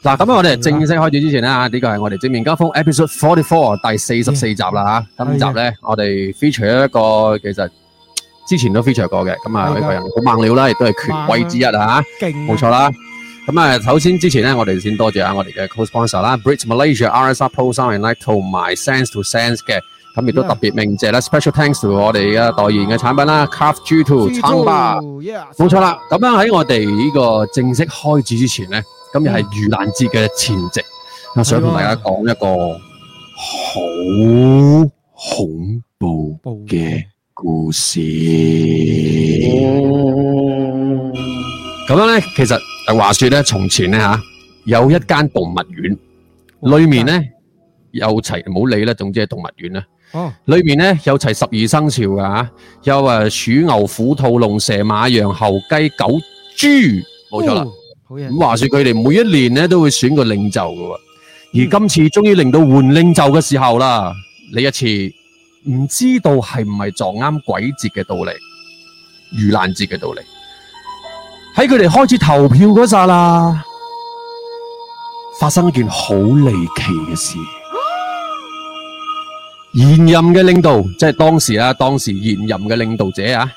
嗱、啊，咁我哋正式開始之前呢，呢個係我哋正面交鋒 Episode Forty Four 第四十四集啦吓。Yeah, 今集呢，yeah. 我哋 feature 了一個其實之前都 feature 過嘅，咁啊呢個人好猛料也是猛、啊啊、啦，亦都係權貴之一啊吓，冇錯啦。咁啊，首先之前呢，我哋先多謝下我哋嘅 Co-Sponsor 啦、yeah.，Bridge Malaysia RSR Pro Sound and Light 同埋 Sense to Sense 嘅，咁亦都特別鳴謝啦、yeah.。Special thanks to 我哋代言嘅產品啦 Craft G Two，冇錯啦。咁、yeah. 樣喺我哋呢個正式開始之前呢。今日係愚人節嘅前夕，我想同大家講一個好恐怖嘅故事。咁樣咧，其實誒，話說咧，從前咧吓，有一間動物園，裏面咧有齊，唔好理啦，總之係動物園啦。哦，裏面咧有齊十二生肖噶吓，有誒鼠牛虎兔龍蛇馬羊猴雞狗豬，冇錯啦。.咁話說佢哋每一年咧都會選個領袖喎，而今次終於令到換領袖嘅時候啦，你一次唔知道係唔係撞啱鬼節嘅道理，遇難節嘅道理，喺佢哋開始投票嗰陣啦，發生一件好離奇嘅事，現任嘅領導即係當時啊，當時現任嘅領導者啊。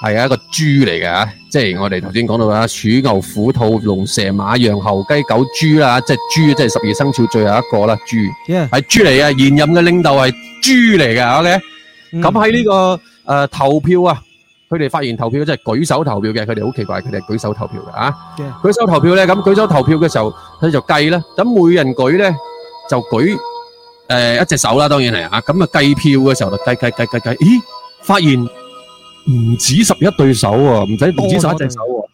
係一個豬嚟嘅吓，即係我哋頭先講到啦，鼠牛虎兔龍蛇馬羊猴雞狗豬啦吓，即係豬，即係十二生肖最後一個啦，豬係豬嚟嘅，現任嘅領導係豬嚟嘅，OK？咁喺呢個誒投票啊，佢哋發現投票即係舉手投票嘅，佢哋好奇怪，佢哋係舉手投票嘅吓，舉手投票咧，咁舉手投票嘅時候，佢哋就計啦，咁每人舉咧就舉誒一隻手啦，當然係啊，咁啊計票嘅時候就計計計計計，咦，發現。唔止十一對手喎，唔使唔止十一隻手喎，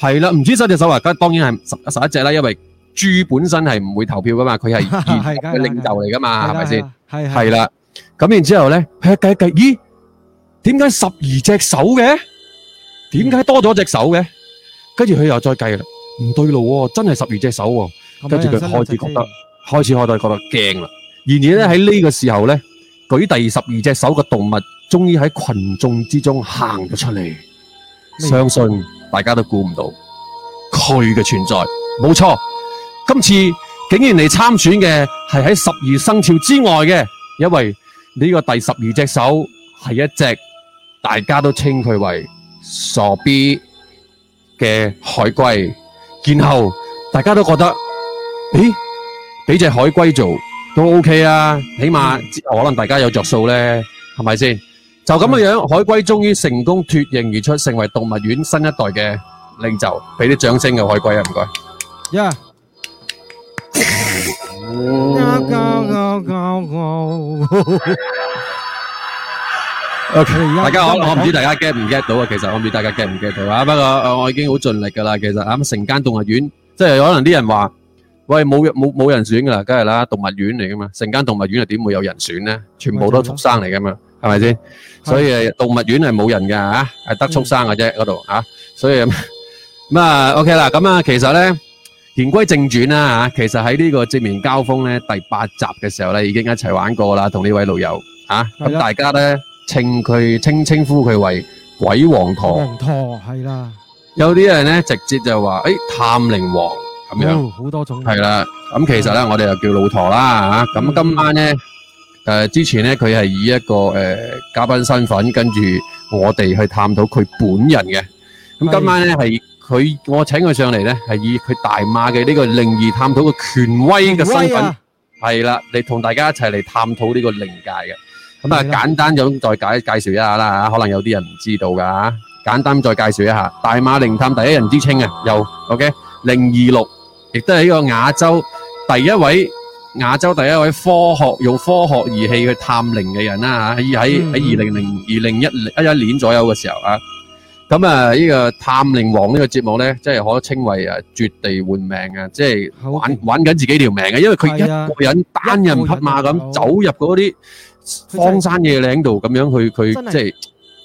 係啦，唔止十一隻手啊！咁當然係十一十一隻啦，因為豬本身係唔會投票噶嘛，佢係二嘅領袖嚟噶嘛，係咪先？係係啦，咁然之後咧，佢計計咦，點解十二隻手嘅？點解多咗隻手嘅？跟住佢又再計啦，唔對路喎，真係十二隻手喎！跟住佢開始覺得，開始開始覺得驚啦。然而咧喺呢個時候咧，舉第十二隻手嘅動物。終於喺群眾之中行咗出嚟，相信大家都估唔到佢嘅存在。冇錯，今次竟然嚟參選嘅係喺十二生肖之外嘅。因為呢個第十二隻手係一隻大家都稱佢為傻逼嘅海龜。然後大家都覺得，咦，俾隻海龜做都 OK 啊，起碼可能大家有着數呢，係咪先？就咁嘅樣，海龜終於成功脫穎而出，成為動物園新一代嘅領袖。俾啲掌聲嘅海龜啊，唔該。一，go go go go。OK，大家好，我唔知大家 get 唔 get 到啊。其實我唔知大家 get 唔 get 到啊。不過我我已經好盡力噶啦。其實啊，成間動物園，即係可能啲人話，喂冇冇冇人選噶啦，梗係啦，動物園嚟噶嘛，成間動物園又點會有人選呢？全部都畜生嚟噶嘛。係咪先？所以動物園係冇人嘅啊，係得畜生嘅啫，嗰度啊。所以咁咁啊，OK 啦。咁啊，其實咧，言歸正傳啦啊。其實喺呢個正面交鋒咧第八集嘅時候咧，已經一齊玩過啦，同呢位老友啊。咁大家咧稱佢稱稱呼佢為鬼黃陀黃陀，係啦。有啲人咧直接就話誒，探靈王咁樣，好多種係啦。咁其實咧，我哋就叫老陀啦啊。咁今晚咧。呃之前呢，佢係以一個呃嘉賓身份，跟住我哋去探討佢本人嘅。咁今晚呢，係佢，我請佢上嚟呢，係以佢大馬嘅呢個靈異探討嘅權威嘅身份，係啦，嚟同大家一齊嚟探討呢個靈界嘅。咁啊、嗯，簡單咁再介介紹一下啦，可能有啲人唔知道㗎，嚇，簡單再介紹一下，大馬靈探第一人之稱啊，由 OK 零二六，亦都係一個亞洲第一位。亞洲第一位科學，用科學儀器去探靈嘅人啦、啊、吓，喺喺二零零二零一一一年左右嘅時候啊，咁啊呢、呢個探靈王個節呢個節目咧，即係可稱為啊絕地換命啊，即係玩玩緊自己條命啊，因為佢一個人單人匹馬咁走入嗰啲荒山野嶺度，咁樣去去即係，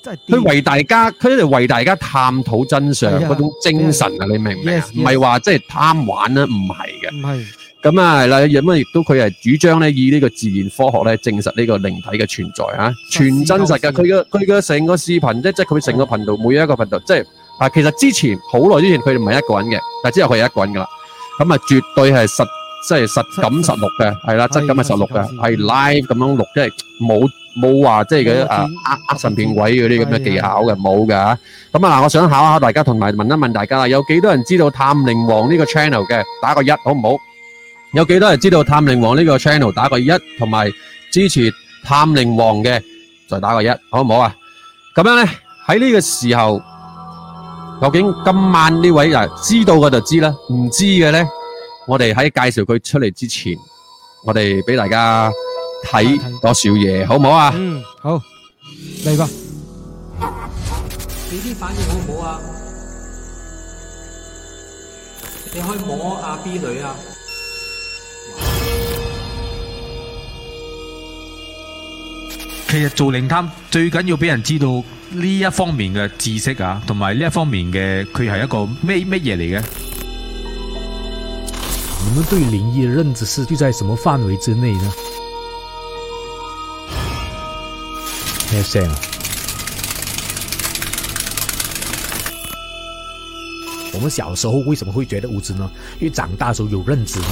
佢、就係、為大家，佢喺度為大家探討真相嗰種精神啊，你明唔明？唔係話即係貪玩啊，唔係嘅。咁啊，係有乜亦都佢係主張呢，以呢個自然科學呢，證實呢個靈體嘅存在啊，全真實嘅。佢嘅佢嘅成個視頻咧，即係佢成個頻道每一個頻道，即係其實之前好耐之前佢哋唔係一個人嘅，但之後佢係一個人噶啦。咁啊，絕對係實即係實感實錄嘅，係啦，質感係實錄嘅，係 live 咁樣錄，即係冇冇話即係嗰啲呃呃神騙鬼嗰啲咁嘅技巧嘅冇㗎。咁啊，啊我想考一考大家，同埋問一問大家啦，有幾多人知道探靈王呢個 channel 嘅？打個一好唔好？有幾多人知道探靈王呢個 channel？打個一，同埋支持探靈王嘅，就打個一，好唔好啊？咁樣咧，喺呢個時候，究竟今晚呢位啊，知道嘅就知啦，唔知嘅咧，我哋喺介紹佢出嚟之前，我哋俾大家睇多少嘢，好唔好啊？嗯，好，嚟吧，俾啲反應好唔好啊？你可以摸阿 B 女啊？其實做靈探最緊要俾人知道呢一方面嘅知識啊，同埋呢一方面嘅佢係一個咩咩嘢嚟嘅？你們對靈異嘅認知是就在什麼範圍之內呢？Yes， 我們小時候為什麼會覺得無知呢？因為長大之後有認知嘛。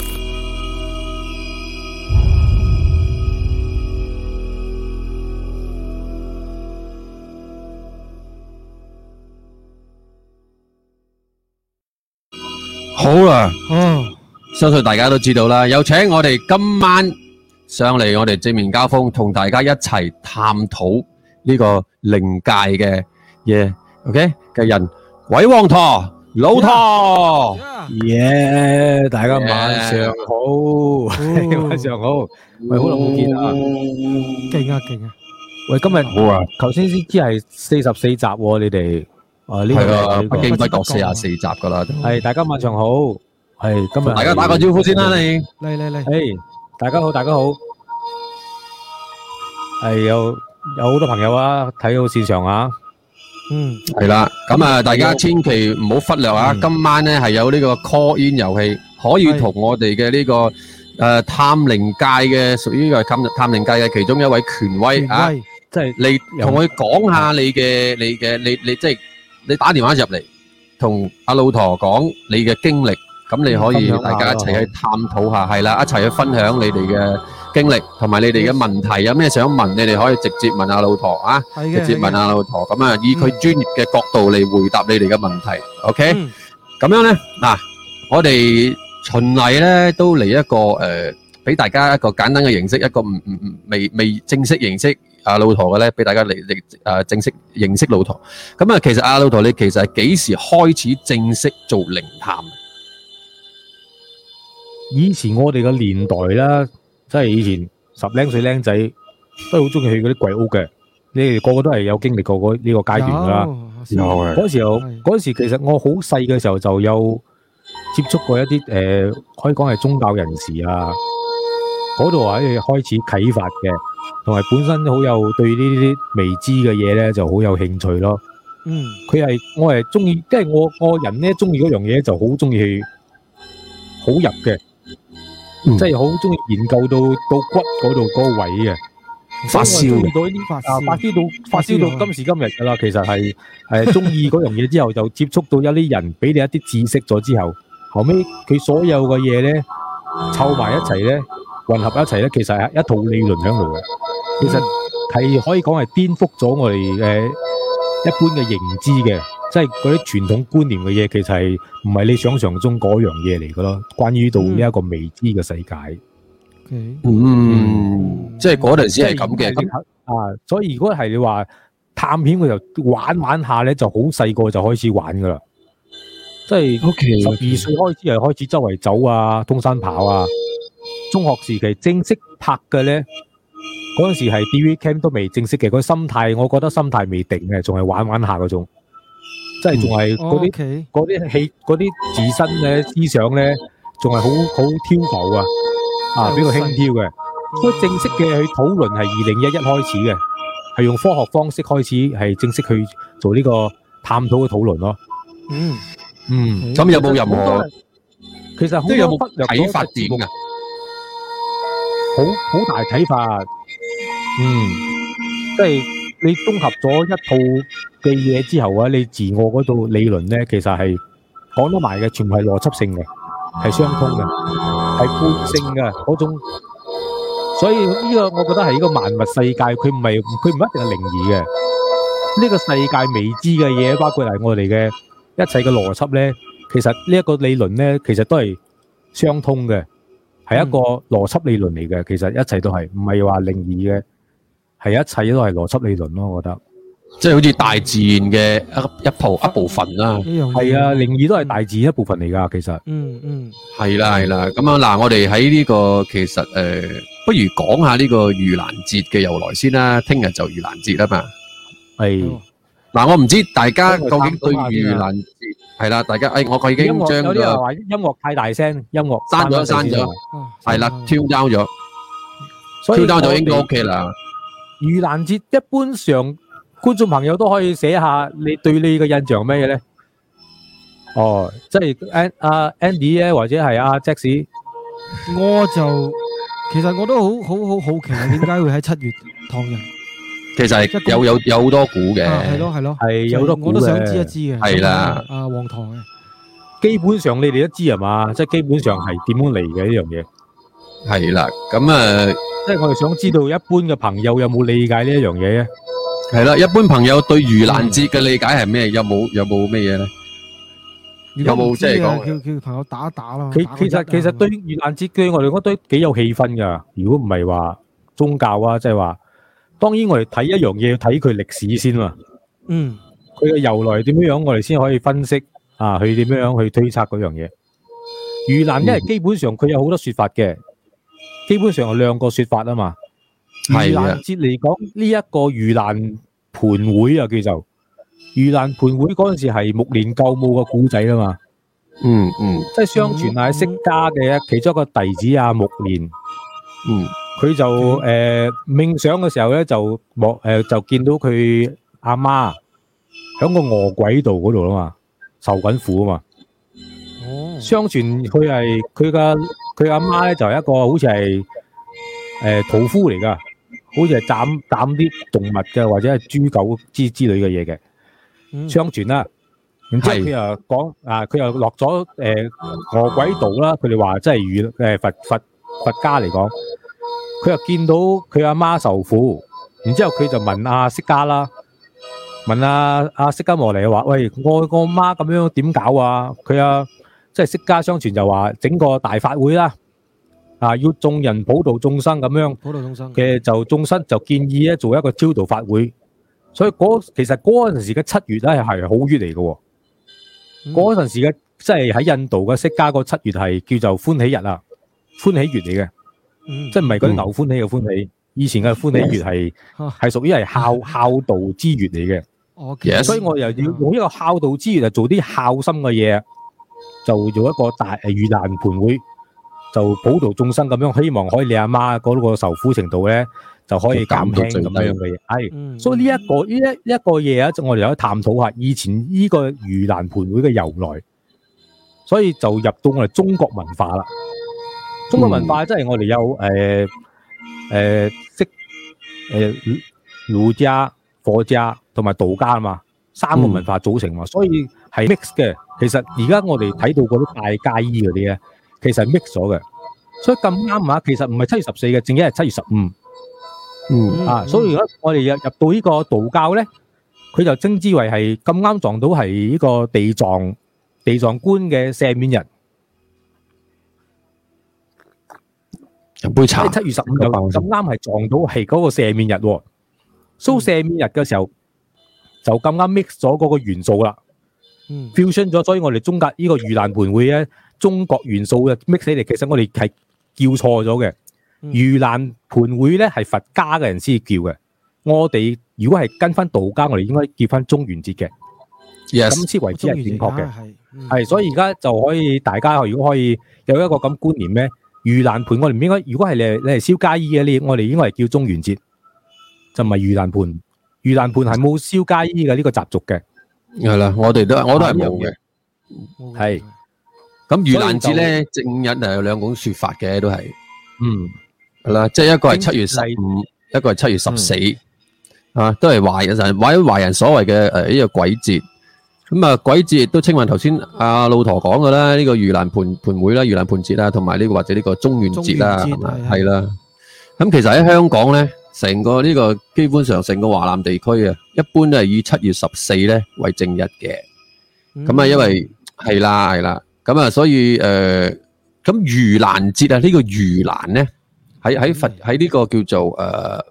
嗯，相信大家都知道啦。有請我哋今晚上嚟，我哋正面交鋒，同大家一齊探討呢個靈界嘅嘢。OK 嘅人，鬼黃陀、老陀，耶！大家晚上好，晚上好，喂，好耐冇見啊，勁啊勁啊！喂，今日好啊，頭先先知係四十四集喎，你哋。係啊，不經不覺四十四集噶啦。係大家晚上好，係今日大家打個招呼先啦。你嚟嚟嚟，誒，大家好，大家好。係有有好多朋友啊，睇到市場啊。嗯，係啦。咁啊，大家千祈唔好忽略啊。今晚咧係有呢個 call in 遊戲，可以同我哋嘅呢個誒探靈界嘅屬於係探探靈界嘅其中一位權威啊，即係嚟同佢講下你嘅你嘅你你即係。你打電話入嚟，同阿老陀講你嘅經歷，咁你可以大家一齊去探討下，係啦，一齊去分享你哋嘅經歷，同埋你哋嘅問題有咩想問，你哋可以直接問阿老陀啊，直接問阿老陀，咁啊以佢專業嘅角度嚟回答你哋嘅問題，OK，咁樣咧嗱，我哋循例咧都嚟一個誒，俾大家一個簡單嘅形式，一個唔唔未未正式形式。阿老陀嘅咧，俾大家嚟嚟，誒正式認識老陀。咁啊，其實阿老陀，你其實係幾時開始正式做靈探？以前我哋嘅年代啦，即係以前十零歲僆仔都係好中意去嗰啲鬼屋嘅，你哋個個都係有經歷過呢個階段噶啦。嗰時候，嗰時其實我好細嘅時候就有接觸過一啲誒，可以講係宗教人士啊，嗰度話開始啟發嘅。同埋本身好有對這些呢啲未知嘅嘢咧，就好有興趣咯。嗯，佢係我係中意，即係我我個人咧中意嗰樣嘢就好中意好入嘅，即係好中意研究到到骨嗰度嗰位嘅。發燒到呢啲發燒到發，發燒到今時今日噶啦，其實係誒中意嗰樣嘢之後，就接觸到一啲人，俾 你一啲知識咗之後，後尾，佢所有嘅嘢咧，湊埋一齊咧。混合一齊咧，其實係一套理論喺度嘅。其實係可以講係顛覆咗我哋誒一般嘅認知嘅，即係嗰啲傳統觀念嘅嘢，其實係唔係你想象中嗰樣嘢嚟噶咯。關於到呢一個未知嘅世界，嗯，嗯嗯即係嗰陣時係咁嘅啊。所以如果係你話探險佢就玩玩，玩下咧，就好細個就開始玩噶啦。即係十二歲開始係開始周圍走啊，通山跑啊。中學時期正式拍嘅咧，嗰陣時係 DV Cam 都未正式嘅，嗰心態我覺得心態未定嘅，仲係玩玩下嗰種，即係仲係嗰啲嗰啲戲嗰啲自身嘅思想咧，仲係好好挑浮啊，啊比較輕佻嘅。所以正式嘅去討論係二零一一開始嘅，係用科學方式開始，係正式去做呢個探討嘅討論咯。嗯嗯，咁有冇任何？其實好忽略到發展噶。好好大睇法，嗯，即係你綜合咗一套嘅嘢之後啊，你自我嗰度理論咧，其實係講得埋嘅，全部係邏輯性嘅，係相通嘅，係共性嘅嗰種。所以呢個我覺得係一個萬物世界，佢唔係佢唔一定係靈異嘅。呢個世界未知嘅嘢，包括係我哋嘅一切嘅邏輯咧，其實呢一個理論咧，其實都係相通嘅。係一個邏輯理論嚟嘅，其實一切都係，唔係話靈異嘅，係一切都係邏輯理論咯。我覺得，即係好似大自然嘅一一部一部分啦，係啊，靈異都係大自然一部分嚟噶。其實，嗯嗯，係啦係啦，咁啊嗱，我哋喺呢個其實誒，不如講下呢個盂蘭節嘅由來先啦。聽日就盂蘭節啦嘛，係。嗱，我唔知大家究竟對盂蘭節係啦，大家誒，我佢已經將誒音樂太大聲，音樂刪咗刪咗，係啦，跳交咗，跳交咗應該 OK 啦。盂蘭節一般上觀眾朋友都可以寫下你對你個印象咩嘢咧？哦，即係阿阿 Andy 咧，或者係阿 Jacky，我就其實我都好好好好奇，點解會喺七月唐人？其實有有有好多股嘅，係咯係咯，係有我都想知一知嘅，係啦。啊，黃陀嘅，基本上你哋都知係嘛？即係基本上係點樣嚟嘅呢樣嘢？係啦，咁啊，即係我哋想知道一般嘅朋友有冇理解呢一樣嘢咧？係啦，一般朋友對盂蘭節嘅理解係咩？有冇有冇咩嘢咧？有冇即係講叫叫朋友打一打咯？其其實其實對盂蘭節嘅我哋覺得幾有氣氛噶。如果唔係話宗教啊，即係話。當然我哋睇一樣嘢要睇佢歷史先啦，嗯，佢嘅由來點樣，我哋先可以分析啊，佢點樣去推測嗰樣嘢。盂蘭，因為基本上佢有好多說法嘅，嗯，基本上係兩個說法啊嘛。盂蘭節嚟講呢一個盂蘭盤會啊，叫做盂蘭盤會嗰陣時，係目連救母嘅古仔啊嘛，嗯、這個啊、嘛嗯，嗯，即係相傳係釋迦嘅其中一個弟子啊目連，嗯。佢就誒、呃、冥想嘅時候咧，就望誒、呃、就見到佢阿媽喺個餓鬼道嗰度啊嘛，受緊苦啊嘛。相傳佢係佢嘅佢阿媽咧，就係一個好似係誒屠夫嚟噶，好似係斬斬啲動物嘅或者係豬狗之之類嘅嘢嘅。相傳啦，然之後佢又講啊，佢、嗯、又落咗誒餓鬼道啦。佢哋話即係與誒佛佛佛家嚟講。佢又見到佢阿媽受苦，然之後佢就問阿釋迦啦，問阿阿釋迦摩尼話，喂，我我媽咁樣點搞啊？佢阿即係釋迦相傳就話整個大法會啦，啊，要眾人普度眾生咁樣，普度眾生嘅就眾生就建議咧做一個超度法會。所以嗰其實嗰陣時嘅七月咧係好月嚟嘅，嗰陣時嘅即係喺印度嘅釋迦個七月係叫做歡喜日啊，歡喜月嚟嘅。嗯、即係唔係嗰啲牛歡喜嘅歡喜，嗯、以前嘅歡喜月係係屬於係孝孝道之月嚟嘅。Okay. 所以我又要用一個孝道之月嚟做啲孝心嘅嘢，就做一個大誒盂蘭盆會，就普度眾生咁樣，希望可以你阿媽嗰個受苦程度咧就可以減輕咁樣嘅嘢。係、嗯，所以呢、這、一個呢一一個嘢啊，我哋可以探討下以前呢個盂蘭盆會嘅由來，所以就入到我哋中國文化啦。中國文化，即係我哋有誒誒釋誒儒家、佛家同埋道家嘛，三個文化組成嘛，所以係 mix 嘅。其實而家我哋睇到嗰啲大嫁衣嗰啲咧，其實 mix 咗嘅。所以咁啱啊，其實唔係七月十四嘅，正一係七月十五。嗯啊，所以而家我哋入入到呢個道教咧，佢就稱之為係咁啱撞到係呢個地藏地藏官嘅赦免日。七月十五日咁啱係撞到係嗰個赦免日，so 赦、嗯、免日嘅時候就咁啱 mix 咗嗰個元素啦、嗯、，fusion 咗，所以我哋中國呢個盂蘭盆會咧，中國元素嘅 mix 嚟，其實我哋係叫錯咗嘅，盂、嗯、蘭盆會咧係佛家嘅人先叫嘅，我哋如果係跟翻道家，我哋應該叫翻中元節嘅，咁、yes，先為止係正確嘅。係、嗯，所以而家就可以大家如果可以有一個咁觀念咧。盂蘭盆我哋唔應該，如果係你嚟你嚟燒家衣嘅，你我哋應該係叫中元節，就唔係盂蘭盆。盂蘭盆係冇燒加衣嘅呢個習俗嘅，係、嗯、啦、嗯，我哋都我都係冇嘅，係、嗯。咁盂蘭節咧正日誒有兩種說法嘅，都係，嗯，係啦，即係一個係七月十五、嗯，一個係七月十四、嗯，啊，都係華人，或者華人所謂嘅誒呢個鬼節。咁啊，鬼節亦都稱為頭先阿老陀講嘅啦，呢個盂蘭盆盆會啦，盂蘭盆節啦，同埋呢個或者呢個中元節啦，係嘛，係啦。咁其實喺香港咧，成個呢個基本上成個華南地區啊，一般都係以七月十四咧為正日嘅。咁啊，因為係啦係啦，咁啊，所以誒，咁盂蘭節啊，呢個盂蘭咧，喺喺佛喺呢個叫做誒。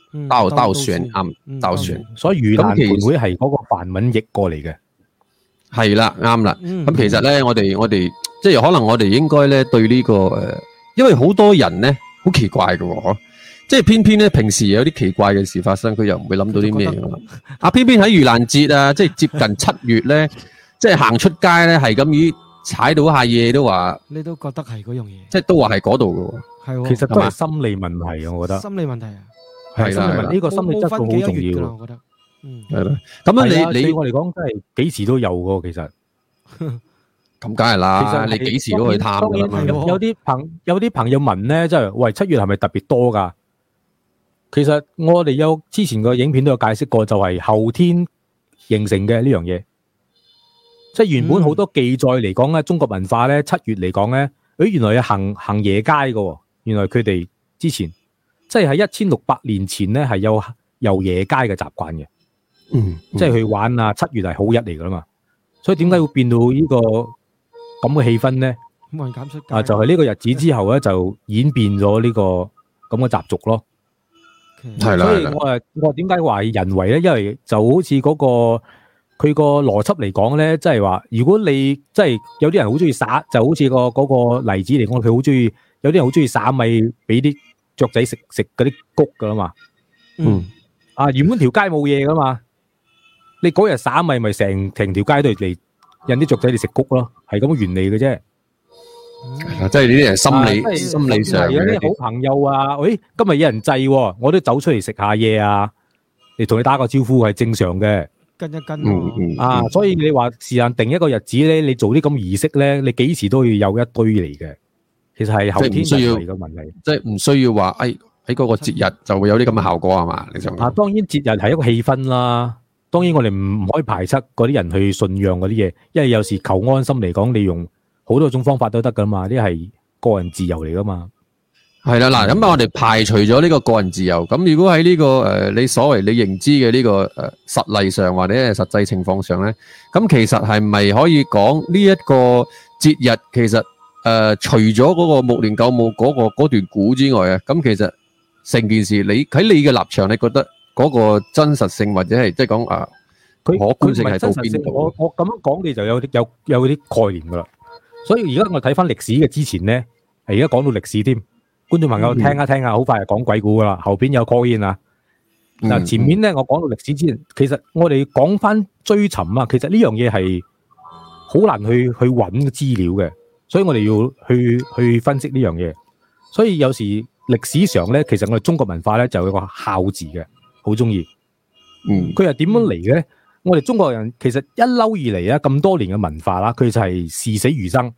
兜兜船啱，兜船、嗯。所以盂蘭咁，其會係嗰個梵文譯過嚟嘅，係啦啱啦。咁其實咧、嗯，我哋我哋即係可能我哋應該咧對呢、這個誒、呃，因為好多人咧好奇怪嘅，即、就、係、是、偏偏咧平時有啲奇怪嘅事發生，佢又唔會諗到啲咩嘅。 啊，偏偏喺盂蘭節啊，即、就、係、是、接近七月咧，即係行出街咧，係咁于踩到下嘢都話，你都覺得係嗰樣嘢，即、就、係、是、都話係嗰度嘅，係、哦、其實都係心理問題啊，我覺得心理問題啊。係啦，呢個心理質素好重要，我覺得。嗯，係啦。咁樣，你你對我嚟講，真係幾時都有噶，其實。咁梗係啦。其實你幾時都去探噶嘛。有啲朋有啲朋友問咧，即係喂七月係咪特別多噶其實我哋有之前個影片都有解釋過，就係後天形成嘅呢樣嘢。即係原本好多記載嚟講咧，中國文化咧七月嚟講咧，誒原來係行行夜街噶，原來佢哋之前。即係喺一千六百年前咧，係有遊夜街嘅習慣嘅。嗯，即、嗯、係、就是、去玩啊！七月係好日嚟噶啦嘛，所以點解會變到、這個、呢個咁嘅氣氛咧？啊，就係、是、呢個日子之後咧，就演變咗呢、這個咁嘅習俗咯。係、okay. 啦，所以我啊，我點解話人為咧？因為就好似嗰、那個佢個邏輯嚟講咧，即係話如果你即係、就是、有啲人好中意灑，就好似、那個嗰、那個例子嚟講，佢好中意有啲人好中意灑米俾啲。雀仔食食嗰啲谷噶啦嘛，嗯，啊原本條街冇嘢噶嘛，你嗰日散咪咪成成條街都嚟引啲雀仔嚟食谷咯，係咁嘅原理嘅啫，即係呢啲人心理心理上嘅。有啲好朋友啊，喂，今日有人制，我都走出嚟食下嘢啊，你同你打個招呼係正常嘅，跟一跟啊，所以你話時間定一個日子咧，你做啲咁儀式咧，你幾時都要有一堆嚟嘅。其實係後天嚟嘅問題，即係唔需要話，誒喺嗰個節日就會有啲咁嘅效果係嘛？你想啊，當然節日係一個氣氛啦。當然我哋唔唔可以排斥嗰啲人去信仰嗰啲嘢，因為有時求安心嚟講，你用好多種方法都得噶嘛。呢係個人自由嚟噶嘛。係啦，嗱咁啊，我哋排除咗呢個個人自由。咁如果喺呢個誒你所謂你認知嘅呢個誒實例上，或者實際情況上咧，咁其實係咪可以講呢一個節日其實？誒，除咗嗰個目連救母嗰個嗰段古之外啊，咁其實成件事你喺你嘅立場，你覺得嗰個真實性或者係即係講誒，客觀性係到邊度？我我咁樣講，你就有有有啲概念噶啦。所以而家我睇翻歷史嘅之前咧，而家講到歷史添，觀眾朋友聽下聽下，好快就講鬼故噶啦，後邊有 call in。嗱，前面咧我講到歷史之前，其實我哋講翻追尋啊，其實呢樣嘢係好難去去揾資料嘅。所以我哋要去去分析呢樣嘢，所以有時歷史上咧，其實我哋中國文化咧就有個孝字嘅，好中意。嗯，佢係點樣嚟嘅咧？我哋中國人其實一路以嚟啊，咁多年嘅文化啦，佢就係視死如生。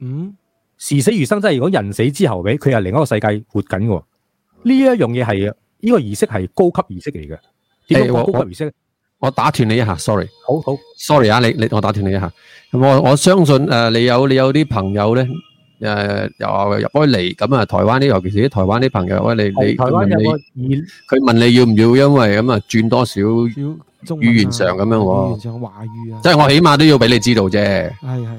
嗯，視死如生真係如果人死之後俾佢係另一個世界活緊喎。呢一樣嘢係，呢個儀式係高級儀式嚟嘅，點解高級儀式？欸我打斷你一下，sorry，好好，sorry 啊，你你我打斷你一下。我我相信誒，你有你有啲朋友咧誒，又入嚟咁啊，台灣呢尤其是啲台灣啲朋友，喂，你你台灣佢問你要唔要，因為咁啊，轉多少語言上咁樣喎？語言上華語啊，即係我起碼都要俾你知道啫。係係，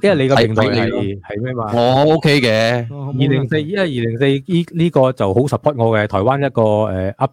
因為你個平台係咩嘛？我 OK 嘅，二零四，因為二零四依呢個就好 support 我嘅台灣一個誒 up。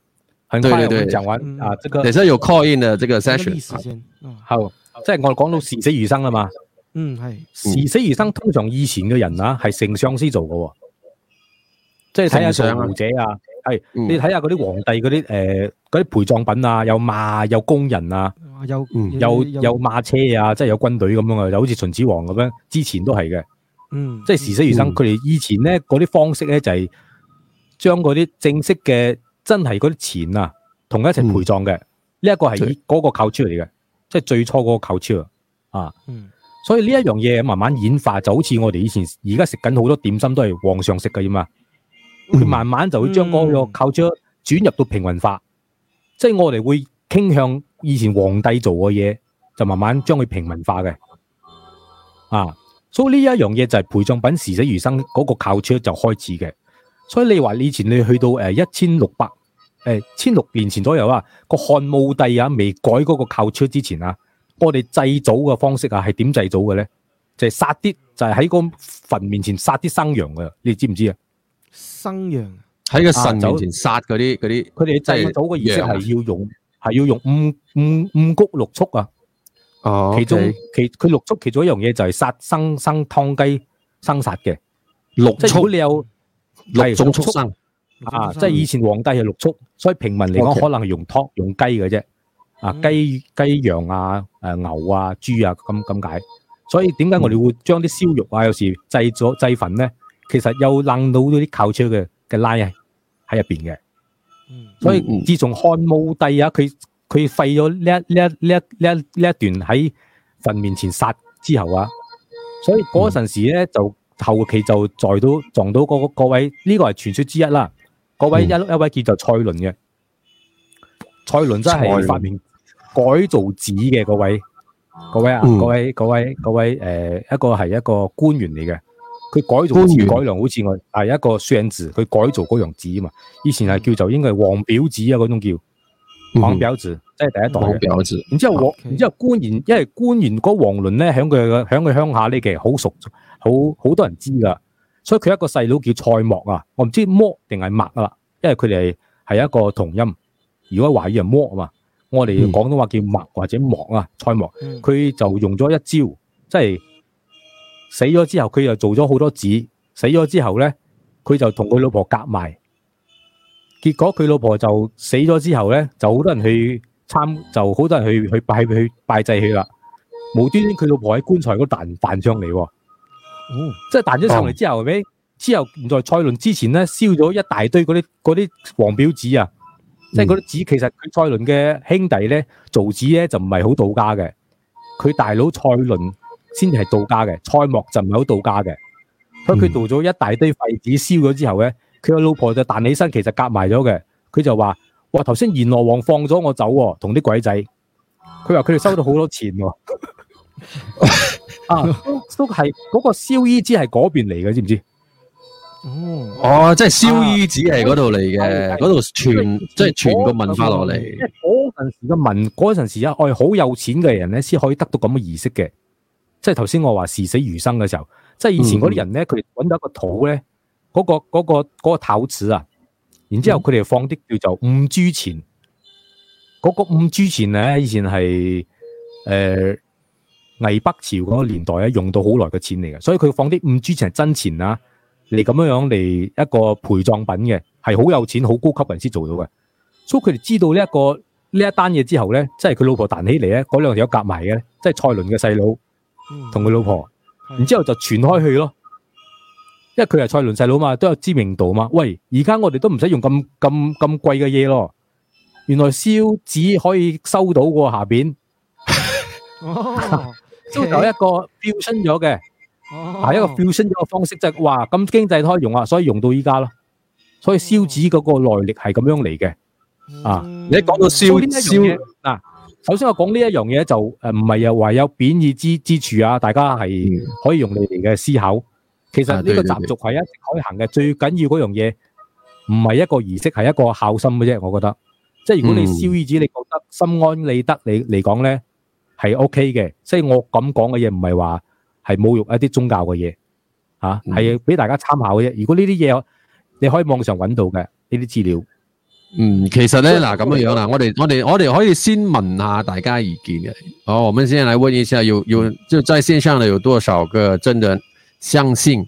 對，對對對，講完啊，這個也是、嗯，這個、有 call in 的。這個 session，哦、好，好，好，即係我講到視死如生啦嘛。嗯，係視死如生，通常以前嘅人啊，係成喪屍做嘅，即係睇下上墓者啊，係、嗯、你睇下嗰啲皇帝嗰啲誒，啲、呃、陪葬品啊，有馬，有工人啊，嗯、有有有馬車啊，即係有軍隊咁樣啊，就好似秦始皇咁樣，之前都係嘅。嗯，即係視死如生，佢、嗯、哋以前咧嗰啲方式咧就係將嗰啲正式嘅。真係嗰啲錢啊，同佢一齊陪葬嘅，呢一個係嗰個 culture 嚟嘅，即係最初嗰個 culture 啊。嗯，所以呢一樣嘢慢慢演化，就好似我哋以前而家食緊好多點心都係皇上食嘅咁啊。佢、嗯、慢慢就會將嗰個 culture、嗯、轉入到平民化，嗯、即係我哋會傾向以前皇帝做嘅嘢，就慢慢將佢平民化嘅。啊，所以呢一樣嘢就係陪葬品事死如生嗰個 culture 就開始嘅。所以你話以前你去到誒一千六百誒千六年前左右啊，個漢武帝啊未改嗰個靠車之前啊，我哋祭祖嘅方式啊係點祭祖嘅咧？就係、是、殺啲就係喺個墳面前殺啲生羊嘅，你知唔知啊？生羊喺個神面前殺嗰啲啲，佢、啊、哋祭祖嘅儀式係要用係要用五五五穀六畜啊。哦，其中、okay. 其佢六畜其中一樣嘢就係殺生生湯雞生殺嘅六畜，即係如果你有。六種畜生，生啊，即係以前皇帝係六畜，所以平民嚟講、okay. 可能係用托、用雞嘅啫。啊，雞、雞、羊啊，誒、呃，牛啊、豬啊，咁咁解。所以點解我哋會將啲燒肉啊，有時制咗制粉咧？其實又冧到啲靠車嘅嘅拉喺入邊嘅。嗯，所以自從漢武帝啊，佢佢廢咗呢一呢一呢一呢一呢一,一段喺粉面前殺之後啊，所以嗰陣時咧就。嗯後期就再到撞到嗰位，呢、這個係傳說之一啦。嗰位一一位叫做蔡倫嘅、嗯，蔡倫真係發明改造紙嘅嗰位，嗰位啊，嗰位嗰位嗰位誒，一個係一個官員嚟嘅，佢改造紙改良好似我係一個宣字，佢改造嗰樣紙啊嘛，以前係叫做應該係黃表紙啊，嗰種叫黃表紙，即係第一代黃表紙。然之後、啊、然之後，okay. 後官員，因為官員嗰黃倫咧，喺佢嘅佢鄉下呢其實好熟。好好多人知㗎，所以佢一個細佬叫蔡莫啊，我唔知摩定係墨啊，因為佢哋係一個同音。如果華語人摩啊嘛，我哋廣東話叫墨或者莫啊，蔡莫，佢就用咗一招，即係死咗之後，佢又做咗好多紙。死咗之後咧，佢就同佢老婆夾埋，結果佢老婆就死咗之後咧，就好多人去參，就好多人去去拜去拜祭佢啦。無端端佢老婆喺棺材嗰度彈返上嚟喎。哦、即係彈咗上嚟之後，咪、嗯、之後現在蔡倫之前咧燒咗一大堆嗰啲嗰啲黃表紙啊，嗯、即係嗰啲紙。其實蔡倫嘅兄弟咧造紙咧就唔係好到家嘅，佢大佬蔡倫先至係到家嘅，蔡莫就唔係好到家嘅。佢、嗯、佢做咗一大堆廢紙燒咗之後咧，佢個老婆就彈起身，其實夾埋咗嘅。佢就話，哇，頭先閻羅王放咗我走、啊，同啲鬼仔。佢話佢哋收到好多錢、啊。 啊，都係嗰、那個燒衣紙係嗰邊嚟嘅，知唔知、嗯？哦，即係燒衣紙係嗰度嚟嘅，嗰度傳，即係傳個文化落嚟。嗰陣時嘅文，嗰陣時啊，時我哋好有錢嘅人咧，先可以得到咁嘅儀式嘅。即係頭先我話視死如生嘅時候，即係以前嗰啲人咧，佢哋搵到一個土咧，嗰、那個嗰、那個嗰、那個陶瓷啊，然之後佢哋放啲叫做五銖錢，嗰、那個五銖錢咧以前係誒。呃魏北朝嗰個年代咧，用到好耐嘅錢嚟嘅，所以佢放啲五銖錢係真錢啊，嚟咁樣樣嚟一個陪葬品嘅，係好有錢、好高級的人先做到嘅。所以佢哋知道呢一個呢一單嘢之後咧，即係佢老婆彈起嚟咧，嗰兩條夾埋嘅，即係蔡倫嘅細佬同佢老婆，嗯、然之後就傳開去咯。嗯、因為佢係蔡倫細佬嘛，都有知名度嘛。喂，而家我哋都唔使用咁咁咁貴嘅嘢咯，原來燒紙可以收到喎下邊。哦 都有一個 fusion 咗嘅，啊，一個 fusion 咗嘅方式，就話，哇，咁經濟可以用啊，所以用到依家咯，所以燒紙嗰個來歷係咁樣嚟嘅。啊，你講到燒燒，嗱，首先我講呢一樣嘢就誒，唔係又話有貶義之之處啊，大家係可以用你哋嘅思考。嗯、其實呢個習俗係一直可以行嘅，啊、對對對，最緊要嗰樣嘢唔係一個儀式，係一個孝心嘅啫。我覺得，即係如果你燒紙，你覺得心安理得，你嚟講咧。係 OK 嘅，所以我咁講嘅嘢，唔係話係侮辱一啲宗教嘅嘢，吓，係俾大家參考嘅啫。如果呢啲嘢你可以網上揾到嘅呢啲資料。嗯，其實咧嗱，咁樣樣啦，我哋我哋我哋可以先問下大家意見嘅。好，我們先嚟問一下，有有就在線上嘅有多少個真人相信？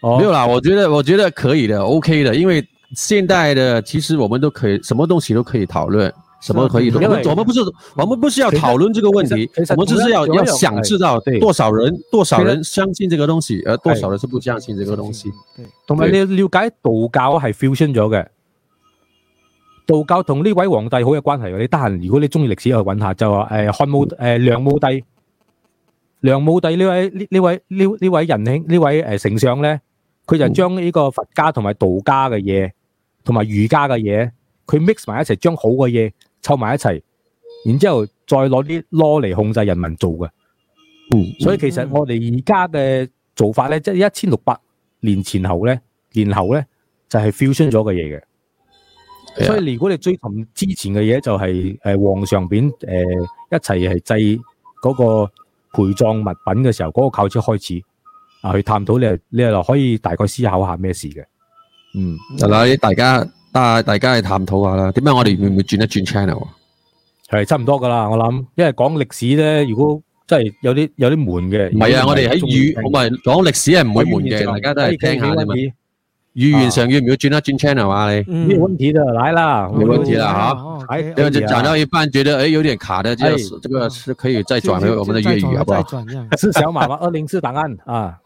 哦、沒有啦，我覺得我覺得可以的，OK 的，因為現代的其實我們都可以，什麼東西都可以討論，什麼可以，討論，我們不是我們不是要討論這個問題，我們只是要要想知道對多少人多少人相信這個東西，而、呃、多少人是不相信這個東西。同埋你要了解道教係 fusion 咗嘅，道教同呢位皇帝好有關係嘅，你得閒，如果你中意歷史，去搵下就話誒漢武誒、呃、梁武帝，梁武帝位位位位位、呃、呢位呢呢位呢呢位仁兄呢位誒丞相咧。佢就將呢個佛家同埋道家嘅嘢，同埋儒家嘅嘢，佢 mix 埋一齊，將好嘅嘢湊埋一齊，然之後再攞啲囉嚟控制人民做嘅。嗯，所以其實我哋而家嘅做法咧，即係一千六百年前後咧，年後咧就係 fusion 咗嘅嘢嘅。所以如果你追尋之前嘅嘢、就是，就係誒皇上面誒、呃、一齊係製嗰個陪葬物品嘅時候，嗰、那個靠車開始。啊、去探討你啊，你啊，可以大概思考下咩事嘅。嗯，係大家，但大家去探討下啦。點解我哋會唔會轉一轉 channel？係、啊、差唔多噶啦，我諗，因為講歷史咧，如果真係有啲有啲悶嘅。唔係啊，我哋喺語，唔係講歷史係唔會悶嘅，大家都嚟聽下啫、嗯、語言上要唔要轉一轉 channel 啊？你冇、嗯、問題就嚟啦，冇問題啦吓，你賺到一半，覺得誒有啲人卡嘅，就這個是可以再轉我們嘅粵語，好唔好？是小馬嘛？二零四檔案啊。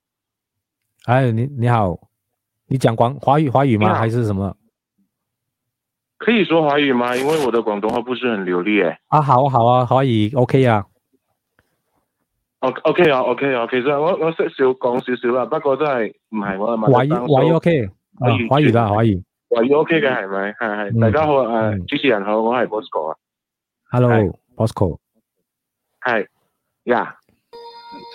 哎，你你好，你講廣華語華語嗎？還是什麼、啊？可以說華語嗎？因為我的廣東話不是很流利誒。啊好啊好啊，可以，OK 啊。OK 啊，OK 啊、OK、OK。其實我說說我識少講少少啦，不過真係唔係我係咪？華語華語 OK，華語啦華語。華語 OK 嘅係咪？係、啊、係、OK，嗯，大家好、嗯、啊，主持人好，我係 Bosco 啊。Hello，Bosco。係、yeah.，呀。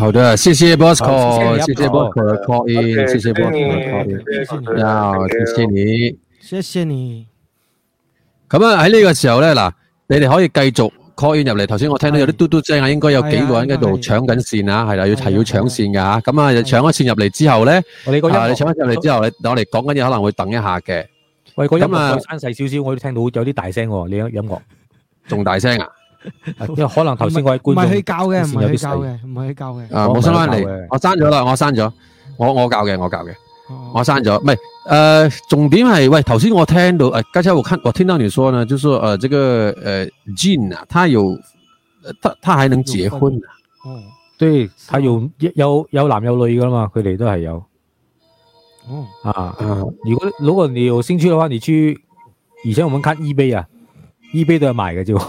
好的，謝謝 Bosco，謝謝 Bosco 的 call in，謝謝 Bosco，謝謝你，要謝謝你，謝謝你。咁啊喺呢個時候咧，嗱，你哋可以繼續 call in 入嚟。頭先我聽到有啲嘟嘟聲啊，應該有幾個人喺度搶緊線啊，係啦，要係要搶線嘅吓。咁啊，搶咗線入嚟之後咧，你嗰音樂，你搶咗入嚟之後，我哋講緊嘢可能會等一下嘅。喂，個音樂聲細少少，我都聽到有啲大聲，你嘅音樂仲大聲啊？ 因為可能頭先位觀眾唔係佢教嘅，唔係佢教嘅，唔係佢教嘅。啊，冇收翻嚟，我刪咗啦，我刪咗，我我教嘅，我教嘅，我刪咗。唔係，誒、哦哦呃，重點係喂，頭先我聽到，誒、哎，剛才我看我聽到你說呢，就是誒、呃，這個誒 j n 啊，他、呃、有，他他還能結婚啊？哦，對他有有有男有女噶嘛？佢哋都係有。哦、啊、嗯嗯、如果如果你有興趣嘅話，你去以前我們看 eBay 啊、嗯、，eBay 都買嘅啫。啊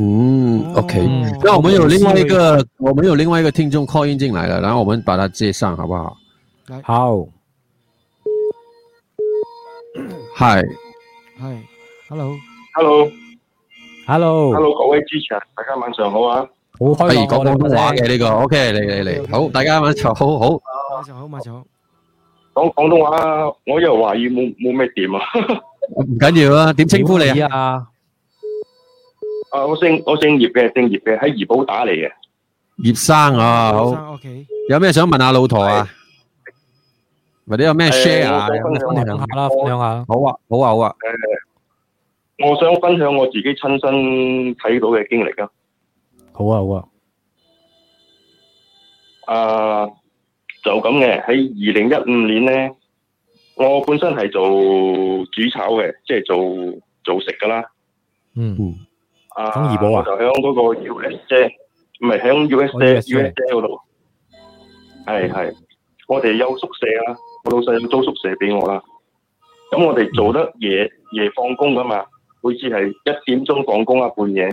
嗯、啊、OK。然、嗯、後我們有另外一個、嗯，我們有另外一個聽眾 call in 進來了，然後我們把它接上，好不好？好。Hi。Hi。Hello。Hello。Hello。Hello 各位主持人，大家晚上好啊。好開，歡迎講廣東話嘅呢、這個謝謝，OK，嚟嚟嚟。好，大家晚上好，好，晚上好，晚上好。講廣東話啦，我又懷疑冇冇咩點啊？唔緊要啊，點稱呼你啊？啊！我姓我姓葉嘅，姓葉嘅喺怡保打嚟嘅，葉生啊，好，OK、有咩想問阿老陀啊？或者有咩 share 咁、啊啊、分享你分下啦，咁樣啊？好啊，好啊，我誒、啊，我想分享我自己親身睇到嘅經歷啊。好啊，好啊。啊，就咁嘅。喺二零一五年咧，我本身係做煮炒嘅，即、就、係、是、做做食噶啦。嗯。嗯中二寶啊！就響嗰個 u s j 唔係響 u s j U.S.A. 嗰度，係係，我哋有宿舍啊。我老細有租宿舍俾我啦。咁我哋做得夜夜放工噶嘛，每次係一點鐘放工啊半夜。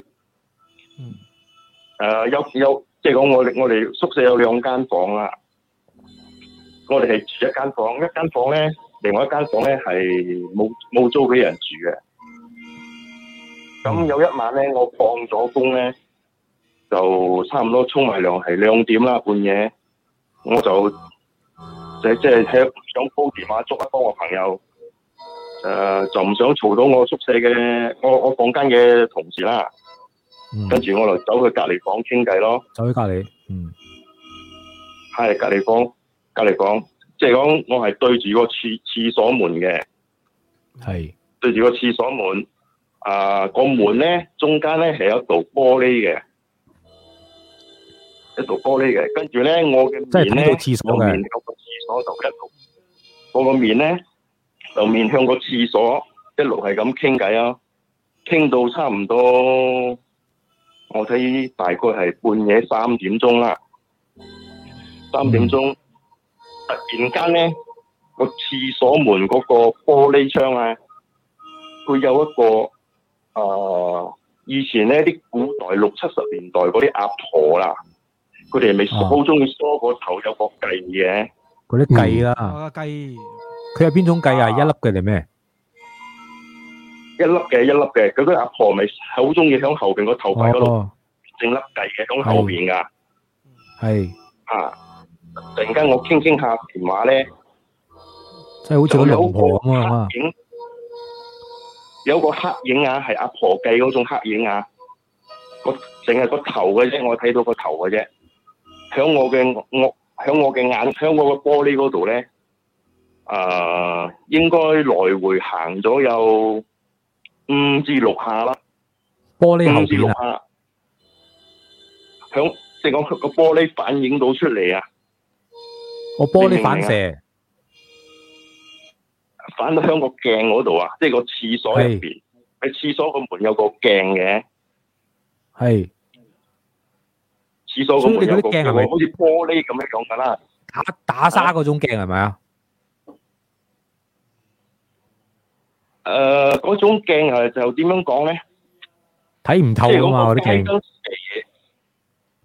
嗯。誒、uh,，有有，即係講我我哋宿舍有兩間房啦、啊，我哋係住一間房，一間房咧，另外一間房咧係冇冇租俾人住嘅。咁、嗯、有一晚咧，我放咗工咧，就差唔多沖埋涼係兩點啦，半夜，我就就即、是、係想想煲電話粥，幫我朋友，誒、呃，就唔想嘈到我宿舍嘅我我房間嘅同事啦、嗯。跟住我就走去隔籬房傾偈咯。走去隔籬。嗯。係隔籬房，隔籬房，即係講我係對住個廁廁所門嘅。係。對住個廁所門。啊、那個門咧，中間咧係有道玻璃嘅，一道玻璃嘅。跟住咧，我嘅面咧，我面嗰個廁所度。一路，我個面咧就面向個廁所一路係咁傾偈啊，傾到差唔多，我睇，大概係半夜三點鐘啦，三點鐘、嗯、突然間咧個廁所門嗰個玻璃窗啊，佢有一個。誒、哦，以前咧啲古代六七十年代嗰啲阿婆啦，佢哋咪好中意梳個頭有個髻嘅，嗰啲髻啦，髻、啊，佢有邊種髻啊，啊？一粒嘅定咩？一粒嘅一粒嘅，嗰啲阿婆咪好中意響後邊個頭髮嗰度整粒髻嘅，咁後面噶，係，啊，突然間我傾傾下電話咧，即係好似個老婆咁啊有個黑影啊，係阿婆計嗰種黑影啊，我淨係個頭嘅啫，我睇到個頭嘅啫。響我嘅我，響我嘅眼，響我嘅玻璃嗰度咧，誒、呃，應該來回行咗有五至六下啦，玻璃、啊、五至六下。響即係講個玻璃反映到出嚟啊，我玻璃反射、啊。反到喺個鏡嗰度啊！即係個廁所入邊，喺廁所個門有個鏡嘅，係廁所。你嗰啲鏡係咪好似玻璃咁樣講緊啦？打打沙嗰種鏡係咪啊？誒，嗰種鏡誒就點樣講咧？睇唔透啊嘛！啲鏡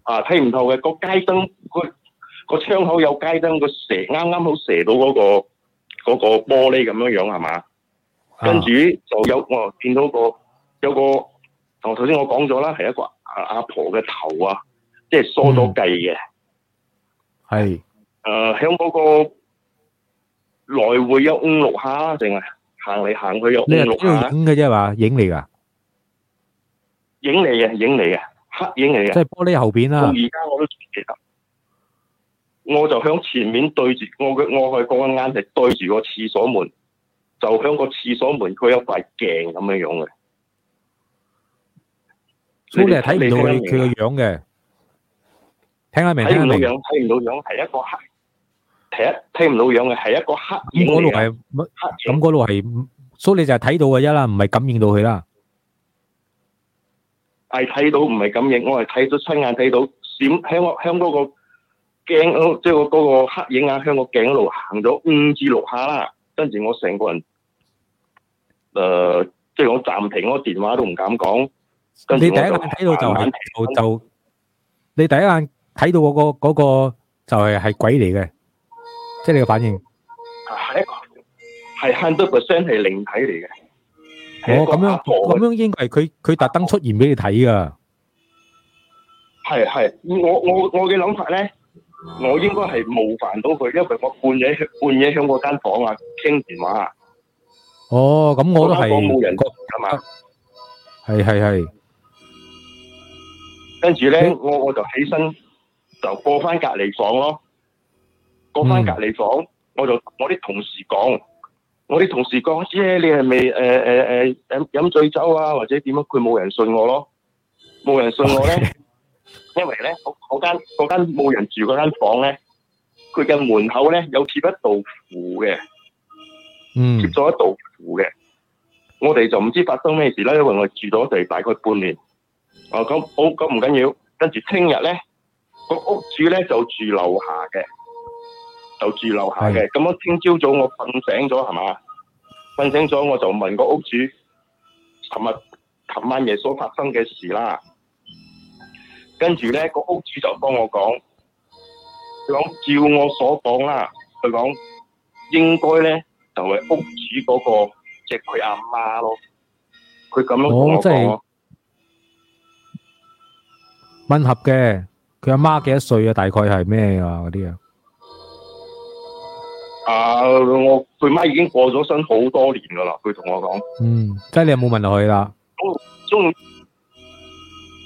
啊，睇唔透嘅，個街燈，個個窗口有街燈，佢射啱啱好射到嗰個。嗰、那個玻璃咁樣樣係嘛？跟住就有我就見到個有個，頭頭先我講咗啦，係一個阿阿婆嘅頭啊，的頭即係梳咗髻嘅。係、嗯，誒喺嗰個來回有五六下定係行嚟行去有五六下嘅啫嘛，影嚟㗎，影嚟嘅，影嚟嘅，黑影嚟嘅。即、就、係、是、玻璃後邊啦。而家我都仲記得。我就向前面對住我嘅，我去個眼，係對住個廁所門，就響個廁所門，佢有塊鏡咁樣樣嘅，所以你係睇唔到佢佢個樣嘅，聽下明聽睇唔到樣，睇唔到樣係一個黑，係一睇唔到樣嘅係一個黑。咁嗰度係乜？咁嗰度係，所以你就係睇到嘅一啦，唔係感應到佢啦。係睇到，到，唔係感應，我係睇咗親眼睇到閃響我嗰個。香鏡即係我嗰個黑影呀，向我鏡嗰度行咗五至六下啦，跟住我成個人誒，即係我暫停，我電話都唔敢講。你第一眼睇到就就，你第一眼睇到嗰個嗰個就係係鬼嚟嘅，即係你嘅反應。係一個係 hundred percent 係靈體嚟嘅。我咁樣咁樣應該係佢佢特登出現俾你睇㗎。係係我我我嘅諗法咧。我應該係冒犯到佢，因為我半夜半夜響嗰間房間啊，傾電話哦，咁我都係。嗰間房冇人過噶嘛？係係係。跟住咧、嗯，我我就起身就過翻隔離房咯。過翻隔離房，我就我啲同事講，我啲同事講，姐、哎，你係咪誒誒誒飲飲醉酒啊，或者點樣？佢冇人信我咯，冇人信我咧。 因為咧，嗰間嗰間冇人住嗰間房咧，佢嘅門口咧有貼一道符嘅，嗯，貼咗一道符嘅，我哋就唔知發生咩事啦。因為我住咗地大概半年，啊、哦，咁好，咁唔緊要。跟住聽日咧，個屋主咧就住樓下嘅，就住樓下嘅。咁、嗯、我聽朝早我瞓醒咗係嘛，瞓醒咗我就問個屋主，琴日琴晚夜所發生嘅事啦。跟住咧，個屋主就幫我講，佢講照我所講啦，佢講應該咧就係、是、屋主嗰、那個即係佢阿媽咯。佢咁樣講即係問合嘅，佢阿媽幾多歲啊？大概係咩啊？嗰啲啊。啊，我佢媽已經過咗身好多年噶啦。佢同我講。嗯，即係你有冇問落去啦。哦，中。中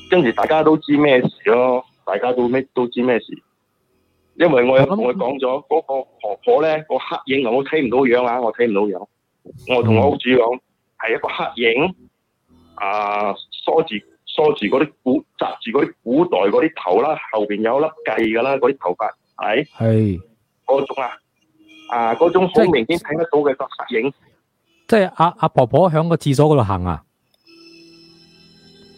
跟住大家都知咩事咯，大家都咩都知咩事，因為我有同佢講咗嗰個婆婆咧、嗰個黑影，我睇唔到樣啊，我睇唔到樣，嗯，我同我屋主講係一個黑影，啊梳住梳住嗰啲古紮住嗰啲古代嗰啲頭啦，後邊有粒髻噶啦，嗰啲頭髮係係嗰種啊，啊嗰種好明顯睇得到嘅個黑影，即係阿阿婆婆響個廁所嗰度行啊。